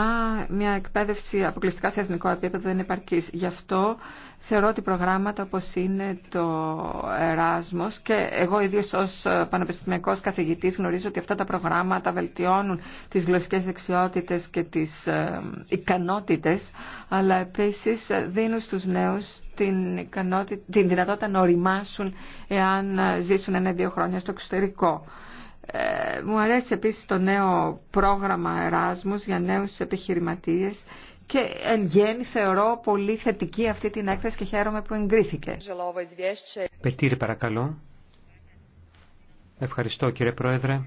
μια εκπαίδευση αποκλειστικά σε εθνικό επίπεδο δεν είναι Γι' αυτό θεωρώ ότι προγράμματα όπως είναι το Εράσμος και εγώ ιδίως ως πανεπιστημιακός καθηγητής γνωρίζω ότι αυτά τα προγράμματα βελτιώνουν τις γλωσσικές δεξιότητες και τις ε, ικανότητες αλλά επίσης δίνουν στους νέους την, την δυνατότητα να οριμάσουν εάν ζήσουν ένα-δύο χρόνια στο εξωτερικό. Ε, μου αρέσει επίσης το νέο πρόγραμμα Εράσμους για νέους επιχειρηματίες και εν γέννη θεωρώ πολύ θετική αυτή την έκθεση και χαίρομαι που εγκρίθηκε. Πετήρη παρακαλώ. Ευχαριστώ κύριε Πρόεδρε.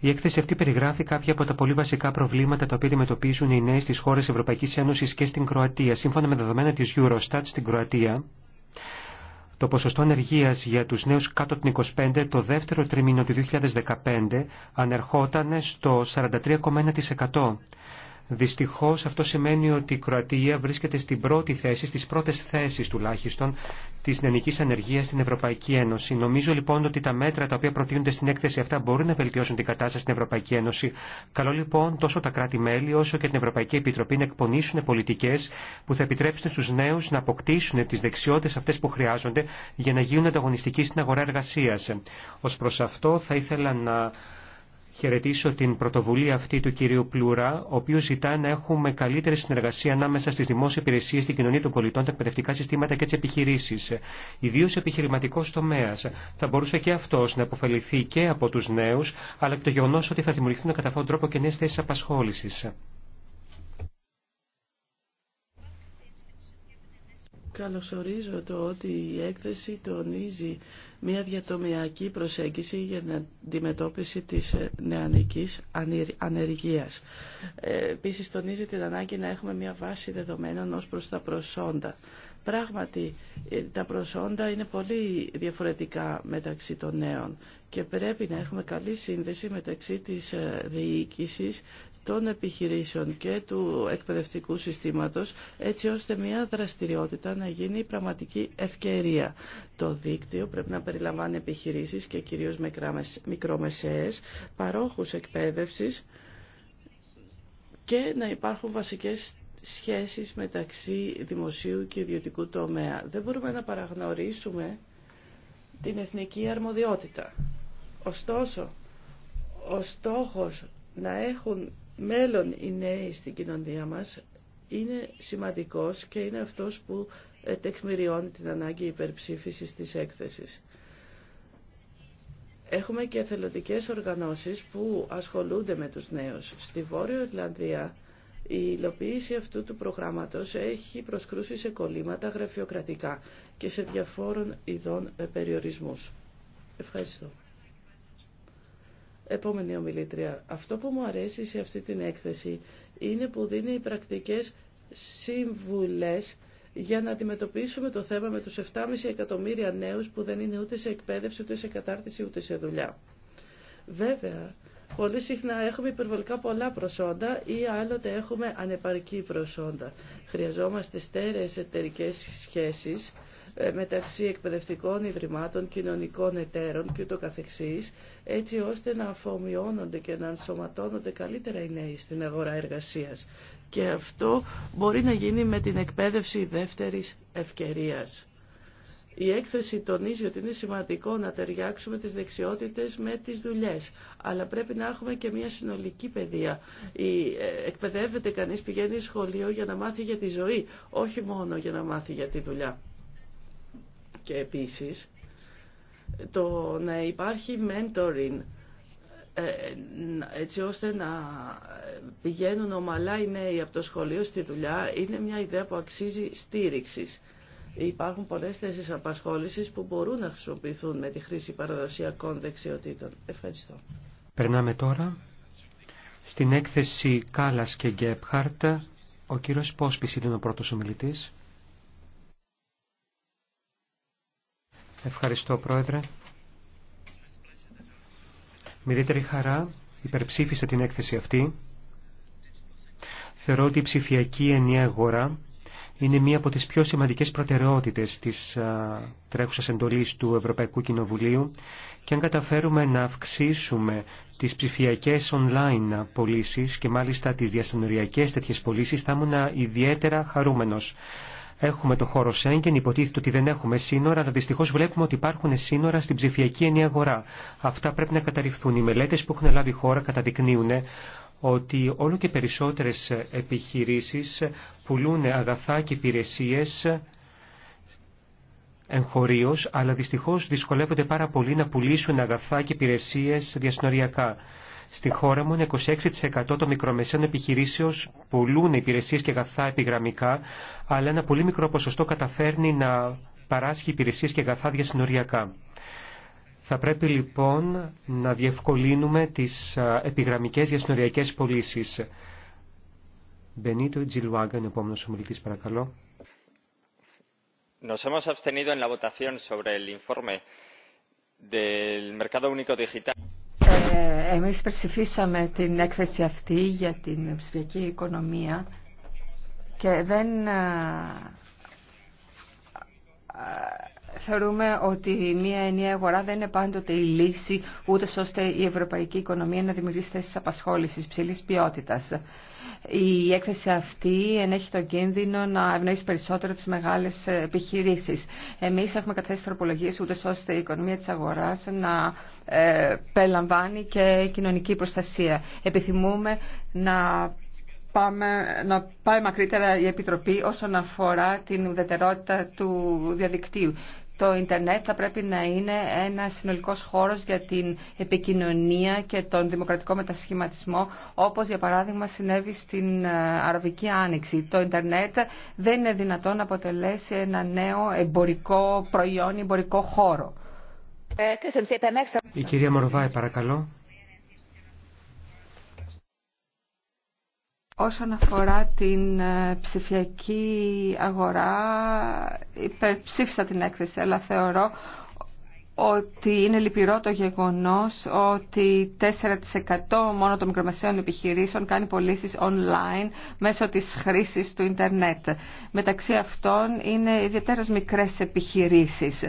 Η έκθεση αυτή περιγράφει κάποια από τα πολύ βασικά προβλήματα τα οποία αντιμετωπίζουν οι νέοι στι χώρε ευρωπαϊκής Ένωση και στην Κροατία. Σύμφωνα με δεδομένα τη Eurostat στην Κροατία, το ποσοστό ενεργείας για τους νέους κάτω την 25 το δεύτερο τρίμηνο του 2015 ανερχόταν στο 43,1%. Δυστυχώς αυτό σημαίνει ότι η Κροατία βρίσκεται στην πρώτη θέση, στις πρώτες θέσεις τουλάχιστον, της νεανικής ανεργίας στην Ευρωπαϊκή Ένωση. Νομίζω λοιπόν ότι τα μέτρα τα οποία προτείνονται στην έκθεση αυτά μπορούν να βελτιώσουν την κατάσταση στην Ευρωπαϊκή Ένωση. Καλό λοιπόν τόσο τα κράτη-μέλη όσο και την Ευρωπαϊκή Επιτροπή να εκπονήσουν πολιτικές που θα επιτρέψουν στους νέους να αποκτήσουν τις δεξιότητες αυτές που χρειάζονται για να γίνουν ανταγωνιστικοί στην αγορά εργασίας. Ως προς αυτό θα ήθελα να χαιρετήσω την πρωτοβουλία αυτή του κυρίου Πλούρα, ο οποίο ζητά να έχουμε καλύτερη συνεργασία ανάμεσα στι δημόσιε υπηρεσίε στην κοινωνία των πολιτών, τα εκπαιδευτικά συστήματα και τις επιχειρήσεις. ο επιχειρηματικό τομέα. Θα μπορούσε και αυτό να αποφεληθεί και από του νέου, αλλά και το γεγονό ότι θα δημιουργηθούν κατά αυτόν τρόπο και νέε θέσει απασχόληση. Καλωσορίζω το ότι η έκθεση τονίζει μια διατομιακή προσέγγιση για την αντιμετώπιση της ε, νεανικής ανεργίας. Ε, επίσης τονίζει την ανάγκη να έχουμε μια βάση δεδομένων ως προς τα προσόντα. Πράγματι, ε, τα προσόντα είναι πολύ διαφορετικά μεταξύ των νέων και πρέπει να έχουμε καλή σύνδεση μεταξύ της διοίκησης των επιχειρήσεων και του εκπαιδευτικού συστήματος έτσι ώστε μια δραστηριότητα να γίνει πραγματική ευκαιρία. Το δίκτυο πρέπει να περιλαμβάνει επιχειρήσεις και κυρίως μικρομεσαίες, παρόχους εκπαίδευσης και να υπάρχουν βασικές σχέσεις μεταξύ δημοσίου και ιδιωτικού τομέα. Δεν μπορούμε να παραγνωρίσουμε την εθνική αρμοδιότητα. Ωστόσο, ο στόχος να έχουν μέλλον οι νέοι στην κοινωνία μας είναι σημαντικός και είναι αυτός που ε, τεκμηριώνει την ανάγκη υπερψήφισης της έκθεσης. Έχουμε και θελοντικές οργανώσεις που ασχολούνται με τους νέους. Στη Βόρεια Ιρλανδία η υλοποίηση αυτού του προγράμματος έχει προσκρούσει σε κολλήματα γραφειοκρατικά και σε διαφόρων ειδών ε, περιορισμούς. Ευχαριστώ. Επόμενη ομιλήτρια. Αυτό που μου αρέσει σε αυτή την έκθεση είναι που δίνει οι πρακτικές συμβουλές για να αντιμετωπίσουμε το θέμα με τους 7,5 εκατομμύρια νέους που δεν είναι ούτε σε εκπαίδευση, ούτε σε κατάρτιση, ούτε σε δουλειά. Βέβαια, πολύ συχνά έχουμε υπερβολικά πολλά προσόντα ή άλλοτε έχουμε ανεπαρκή προσόντα. Χρειαζόμαστε στέρεες εταιρικέ σχέσεις ε, μεταξύ εκπαιδευτικών ιδρυμάτων, κοινωνικών εταίρων και ούτω καθεξής, έτσι ώστε να αφομοιώνονται και να ενσωματώνονται καλύτερα οι νέοι στην αγορά εργασίας. Και αυτό μπορεί να γίνει με την εκπαίδευση δεύτερης ευκαιρίας. Η έκθεση τονίζει ότι είναι σημαντικό να ταιριάξουμε τις δεξιότητες με τις δουλειές, αλλά πρέπει να έχουμε και μια συνολική παιδεία. Η, ε, εκπαιδεύεται κανείς, πηγαίνει σχολείο για να μάθει για τη ζωή, όχι μόνο για να μάθει για τη δουλειά και επίσης το να υπάρχει mentoring ε, έτσι ώστε να ε, πηγαίνουν ομαλά οι νέοι από το σχολείο στη δουλειά είναι μια ιδέα που αξίζει στήριξης. Υπάρχουν πολλές θέσεις απασχόλησης που μπορούν να χρησιμοποιηθούν με τη χρήση παραδοσιακών δεξιοτήτων. Ευχαριστώ. Περνάμε τώρα στην έκθεση Κάλλας και Γκέπχαρτ. Ο κύριος Πόσπης είναι ο πρώτος ομιλητής. Ευχαριστώ, Πρόεδρε. Με ιδιαίτερη χαρά υπερψήφισα την έκθεση αυτή. Θεωρώ ότι η ψηφιακή ενιαία αγορά είναι μία από τις πιο σημαντικές προτεραιότητες της α, τρέχουσας εντολής του Ευρωπαϊκού Κοινοβουλίου και αν καταφέρουμε να αυξήσουμε τις ψηφιακές online πωλήσει και μάλιστα τις διασυνοριακές τέτοιες πωλήσει θα ήμουν ιδιαίτερα χαρούμενος. Έχουμε το χώρο Σέγγεν, υποτίθεται ότι δεν έχουμε σύνορα, αλλά δυστυχώ βλέπουμε ότι υπάρχουν σύνορα στην ψηφιακή ενιαία αγορά. Αυτά πρέπει να καταρριφθούν. Οι μελέτε που έχουν λάβει η χώρα καταδεικνύουν ότι όλο και περισσότερε επιχειρήσει πουλούν αγαθά και υπηρεσίε εγχωρίω, αλλά δυστυχώ δυσκολεύονται πάρα πολύ να πουλήσουν αγαθά και υπηρεσίε διασυνοριακά. Στη χώρα μου είναι 26% των μικρομεσαίων επιχειρήσεων πουλούν υπηρεσίες και αγαθά επιγραμμικά, αλλά ένα πολύ μικρό ποσοστό καταφέρνει να παράσχει υπηρεσίες και αγαθά διασυνοριακά. Θα πρέπει λοιπόν να διευκολύνουμε τις επιγραμμικές διασυνοριακές πωλήσει. Μπενίτο Τζιλουάγκα, παρακαλώ. Nos hemos abstenido en la votación sobre el informe del mercado único digital. Ε, εμείς υπερψηφίσαμε την έκθεση αυτή για την ψηφιακή οικονομία και δεν ε, ε, θεωρούμε ότι μια ενιαία αγορά δεν είναι πάντοτε η λύση, ούτε ώστε η ευρωπαϊκή οικονομία να δημιουργήσει θέσει απασχόληση ψηλή ποιότητα. Η έκθεση αυτή ενέχει τον κίνδυνο να ευνοήσει περισσότερο τι μεγάλες επιχειρήσει. Εμείς έχουμε καθέσει τροπολογίες ούτε ώστε η οικονομία τη αγορά, να ε, περιλαμβάνει και κοινωνική προστασία. Επιθυμούμε να πάμε, να πάει μακρύτερα η Επιτροπή όσον αφορά την ουδετερότητα του διαδικτύου το ίντερνετ θα πρέπει να είναι ένα συνολικό χώρος για την επικοινωνία και τον δημοκρατικό μετασχηματισμό, όπως για παράδειγμα συνέβη στην ε, Αραβική Άνοιξη. Το ίντερνετ δεν είναι δυνατόν να αποτελέσει ένα νέο εμπορικό προϊόν, εμπορικό χώρο. Ε, Η κυρία Μορβάη, παρακαλώ. όσον αφορά την ε, ψηφιακή αγορά υπερψήφισα την έκθεση αλλά θεωρώ ότι είναι λυπηρό το γεγονός ότι 4% μόνο των μικρομεσαίων επιχειρήσεων κάνει πωλήσει online μέσω της χρήσης του ίντερνετ. Μεταξύ αυτών είναι ιδιαίτερες μικρές επιχειρήσεις.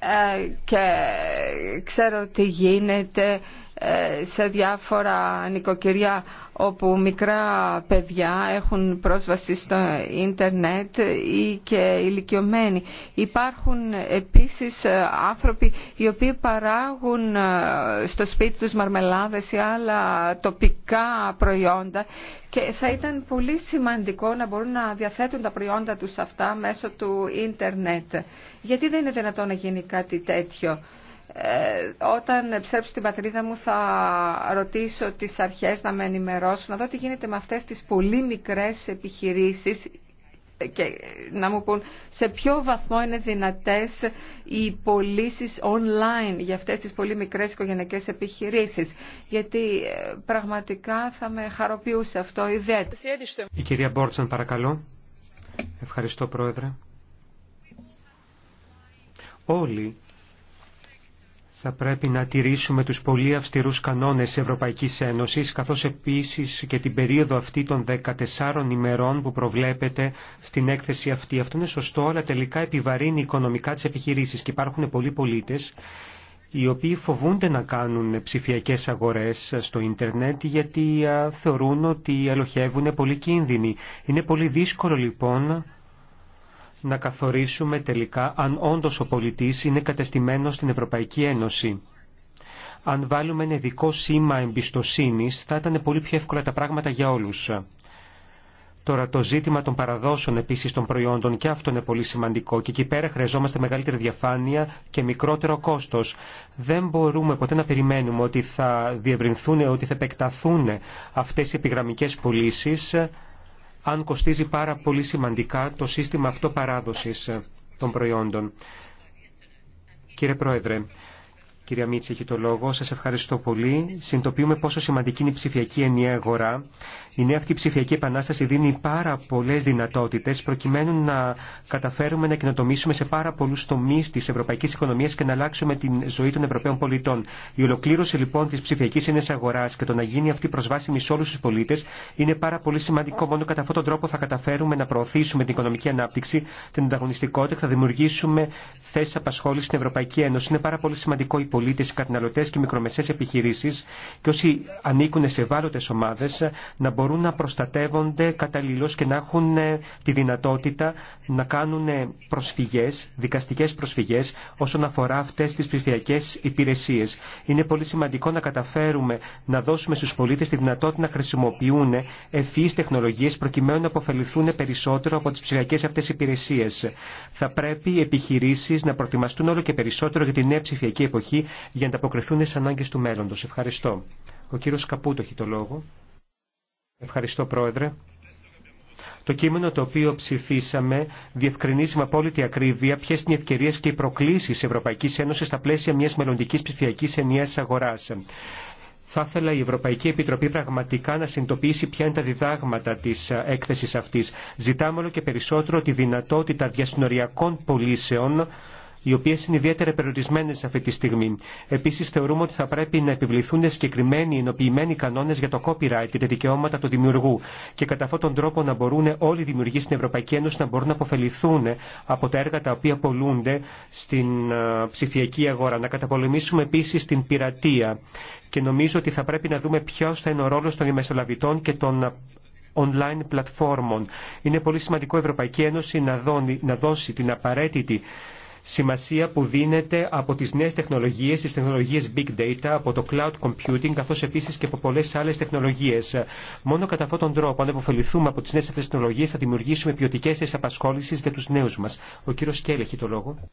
Ε, και ξέρω τι γίνεται ε, σε διάφορα νοικοκυριά όπου μικρά παιδιά έχουν πρόσβαση στο ίντερνετ ή και ηλικιωμένοι. Υπάρχουν επίσης ε, άνθρωποι οι οποίοι παράγουν στο σπίτι τους μαρμελάδες ή άλλα τοπικά προϊόντα και θα ήταν πολύ σημαντικό να μπορούν να διαθέτουν τα προϊόντα τους αυτά μέσω του ίντερνετ. Γιατί δεν είναι δυνατόν να γίνει κάτι τέτοιο. Ε, όταν ψέψω την πατρίδα μου θα ρωτήσω τις αρχές να με ενημερώσουν, να δω τι γίνεται με αυτές τις πολύ μικρές επιχειρήσεις και να μου πούν σε ποιο βαθμό είναι δυνατές οι πωλήσει online για αυτές τις πολύ μικρές οικογενειακές επιχειρήσεις. Γιατί ε, πραγματικά θα με χαροποιούσε αυτό ιδιαίτερα. Η κυρία Μπόρτσαν παρακαλώ. Ευχαριστώ πρόεδρε. Όλοι θα πρέπει να τηρήσουμε τους πολύ αυστηρούς κανόνες Ευρωπαϊκής Ένωσης, καθώς επίσης και την περίοδο αυτή των 14 ημερών που προβλέπεται στην έκθεση αυτή. Αυτό είναι σωστό, αλλά τελικά επιβαρύνει οικονομικά τις επιχειρήσεις και υπάρχουν πολλοί πολίτες οι οποίοι φοβούνται να κάνουν ψηφιακές αγορές στο ίντερνετ γιατί θεωρούν ότι ελοχεύουν πολύ κίνδυνοι. Είναι πολύ δύσκολο λοιπόν να καθορίσουμε τελικά αν όντως ο πολιτής είναι κατεστημένος στην Ευρωπαϊκή Ένωση. Αν βάλουμε ένα ειδικό σήμα εμπιστοσύνης θα ήταν πολύ πιο εύκολα τα πράγματα για όλους. Τώρα το ζήτημα των παραδόσεων επίσης των προϊόντων και αυτό είναι πολύ σημαντικό και εκεί πέρα χρειαζόμαστε μεγαλύτερη διαφάνεια και μικρότερο κόστος. Δεν μπορούμε ποτέ να περιμένουμε ότι θα διευρυνθούν, ότι θα επεκταθούν αυτές οι επιγραμμικές πωλήσει αν κοστίζει πάρα πολύ σημαντικά το σύστημα αυτό των προϊόντων. Κύριε Πρόεδρε, Κυρία Μίτση, έχει το λόγο. Σα ευχαριστώ πολύ. Συντοποιούμε πόσο σημαντική είναι η ψηφιακή ενιαία αγορά. Η νέα αυτή ψηφιακή επανάσταση δίνει πάρα πολλέ δυνατότητε προκειμένου να καταφέρουμε να κοινοτομήσουμε σε πάρα πολλού τομεί τη ευρωπαϊκή οικονομία και να αλλάξουμε την ζωή των Ευρωπαίων πολιτών. Η ολοκλήρωση λοιπόν τη ψηφιακή ενιαία αγορά και το να γίνει αυτή προσβάσιμη σε όλου του πολίτε είναι πάρα πολύ σημαντικό. Μόνο κατά αυτόν τον τρόπο θα καταφέρουμε να προωθήσουμε την οικονομική ανάπτυξη, την ανταγωνιστικότητα θα δημιουργήσουμε θέσει απασχόληση στην Ευρωπαϊκή Ένωση. Είναι πάρα πολύ σημαντικό πολίτε, οι καταναλωτέ και οι μικρομεσαίε επιχειρήσει και όσοι ανήκουν σε ευάλωτε ομάδε να μπορούν να προστατεύονται καταλληλώ και να έχουν ε, τη δυνατότητα να κάνουν ε, προσφυγέ, δικαστικέ προσφυγέ όσον αφορά αυτέ τι ψηφιακέ υπηρεσίε. Είναι πολύ σημαντικό να καταφέρουμε να δώσουμε στου πολίτε τη δυνατότητα να χρησιμοποιούν ευφυεί τεχνολογίε προκειμένου να αποφεληθούν περισσότερο από τι ψηφιακέ αυτέ υπηρεσίε. Θα πρέπει οι επιχειρήσει να προετοιμαστούν όλο και περισσότερο για τη νέα ψηφιακή εποχή για να ανταποκριθούν στι ανάγκε του μέλλοντο. Ευχαριστώ. Ο κύριο Καπούτο έχει το λόγο. Ευχαριστώ, Πρόεδρε. Το κείμενο το οποίο ψηφίσαμε διευκρινίζει με απόλυτη ακρίβεια ποιε είναι οι ευκαιρίε και οι προκλήσει τη Ευρωπαϊκή Ένωση στα πλαίσια μια μελλοντική ψηφιακή ενιαία αγορά. Θα ήθελα η Ευρωπαϊκή Επιτροπή πραγματικά να συνειδητοποιήσει ποια είναι τα διδάγματα τη έκθεση αυτή. Ζητάμε όλο και περισσότερο τη δυνατότητα διασυνοριακών πωλήσεων οι οποίε είναι ιδιαίτερα περιορισμένε αυτή τη στιγμή. Επίση, θεωρούμε ότι θα πρέπει να επιβληθούν συγκεκριμένοι ενοποιημένοι κανόνε για το copyright και τα δικαιώματα του δημιουργού και κατά αυτόν τον τρόπο να μπορούν όλοι οι δημιουργοί στην Ευρωπαϊκή Ένωση να μπορούν να αποφεληθούν από τα έργα τα οποία πολλούνται στην ε, ψηφιακή αγορά. Να καταπολεμήσουμε επίση την πειρατεία και νομίζω ότι θα πρέπει να δούμε ποιο θα είναι ο ρόλο των μεσολαβητών και των ε, online πλατφόρμων. Είναι πολύ σημαντικό η Ευρωπαϊκή Ένωση να δώσει την απαραίτητη σημασία που δίνεται από τις νέες τεχνολογίες, τις τεχνολογίες big data, από το cloud computing, καθώς επίσης και από πολλές άλλες τεχνολογίες. Μόνο κατά αυτόν τον τρόπο, αν αποφεληθούμε από τις νέες αυτές τεχνολογίες, θα δημιουργήσουμε ποιοτικές θέσεις απασχόλησης για τους νέους μας. Ο κύριος Κέλλη έχει το λόγο.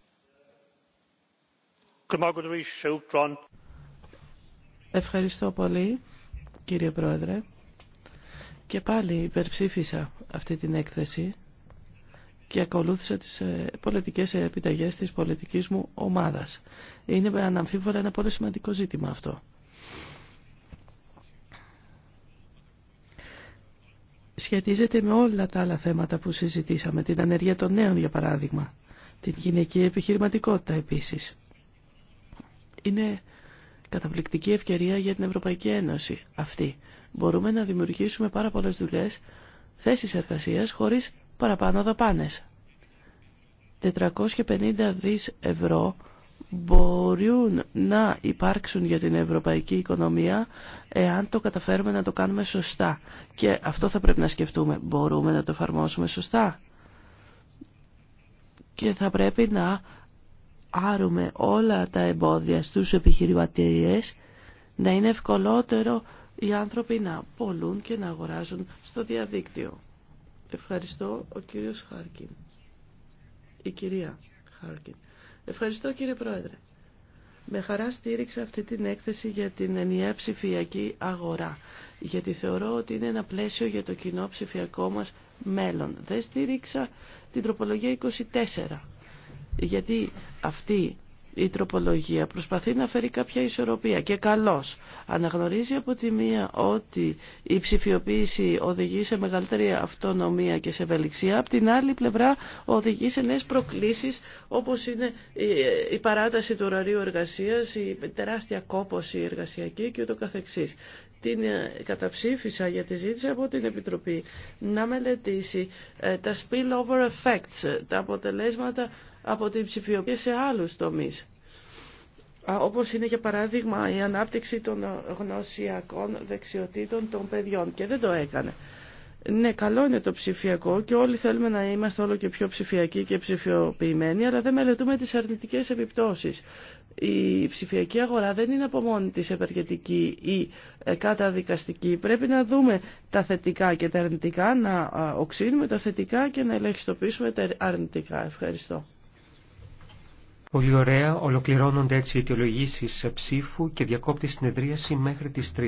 Ευχαριστώ πολύ, κύριε Πρόεδρε. Και πάλι υπερψήφισα αυτή την έκθεση και ακολούθησα τις ε, πολιτικές επιταγές της πολιτικής μου ομάδας. Είναι αναμφίβολα ένα πολύ σημαντικό ζήτημα αυτό. Σχετίζεται με όλα τα άλλα θέματα που συζητήσαμε, την ανεργία των νέων για παράδειγμα, την γυναική επιχειρηματικότητα επίσης. Είναι καταπληκτική ευκαιρία για την Ευρωπαϊκή Ένωση αυτή. Μπορούμε να δημιουργήσουμε πάρα πολλές δουλειές, θέσεις εργασίας, χωρίς παραπάνω δαπάνε. 450 δις ευρώ μπορούν να υπάρξουν για την ευρωπαϊκή οικονομία εάν το καταφέρουμε να το κάνουμε σωστά. Και αυτό θα πρέπει να σκεφτούμε. Μπορούμε να το εφαρμόσουμε σωστά. Και θα πρέπει να άρουμε όλα τα εμπόδια στους επιχειρηματίες να είναι ευκολότερο οι άνθρωποι να πολλούν και να αγοράζουν στο διαδίκτυο. Ευχαριστώ ο κύριος Χάρκιν. Η κυρία Χάρκιν. Ευχαριστώ κύριε Πρόεδρε. Με χαρά στήριξα αυτή την έκθεση για την ενιαία ψηφιακή αγορά, γιατί θεωρώ ότι είναι ένα πλαίσιο για το κοινό ψηφιακό μας μέλλον. Δεν στήριξα την τροπολογία 24, γιατί αυτή η τροπολογία προσπαθεί να φέρει κάποια ισορροπία και καλώς αναγνωρίζει από τη μία ότι η ψηφιοποίηση οδηγεί σε μεγαλύτερη αυτονομία και σε ευελιξία από την άλλη πλευρά οδηγεί σε νέες προκλήσεις όπως είναι η παράταση του ωραρίου εργασίας η τεράστια κόπωση εργασιακή και ούτω καθεξής την ε, καταψήφισα για τη από την Επιτροπή να μελετήσει ε, τα spillover effects, τα αποτελέσματα από την ψηφιοποίηση σε άλλους τομείς όπως είναι για παράδειγμα η ανάπτυξη των γνωσιακών δεξιοτήτων των παιδιών και δεν το έκανε. Ναι, καλό είναι το ψηφιακό και όλοι θέλουμε να είμαστε όλο και πιο ψηφιακοί και ψηφιοποιημένοι, αλλά δεν μελετούμε τις αρνητικές επιπτώσεις. Η ψηφιακή αγορά δεν είναι από μόνη της επεργετική ή ε, καταδικαστική. Πρέπει να δούμε τα θετικά και τα αρνητικά, να οξύνουμε τα θετικά και να ελεγχιστοποιήσουμε τα αρνητικά. Ευχαριστώ. Πολύ ωραία. Ολοκληρώνονται έτσι οι αιτιολογήσεις ψήφου και διακόπτη συνεδρίαση μέχρι τις 3.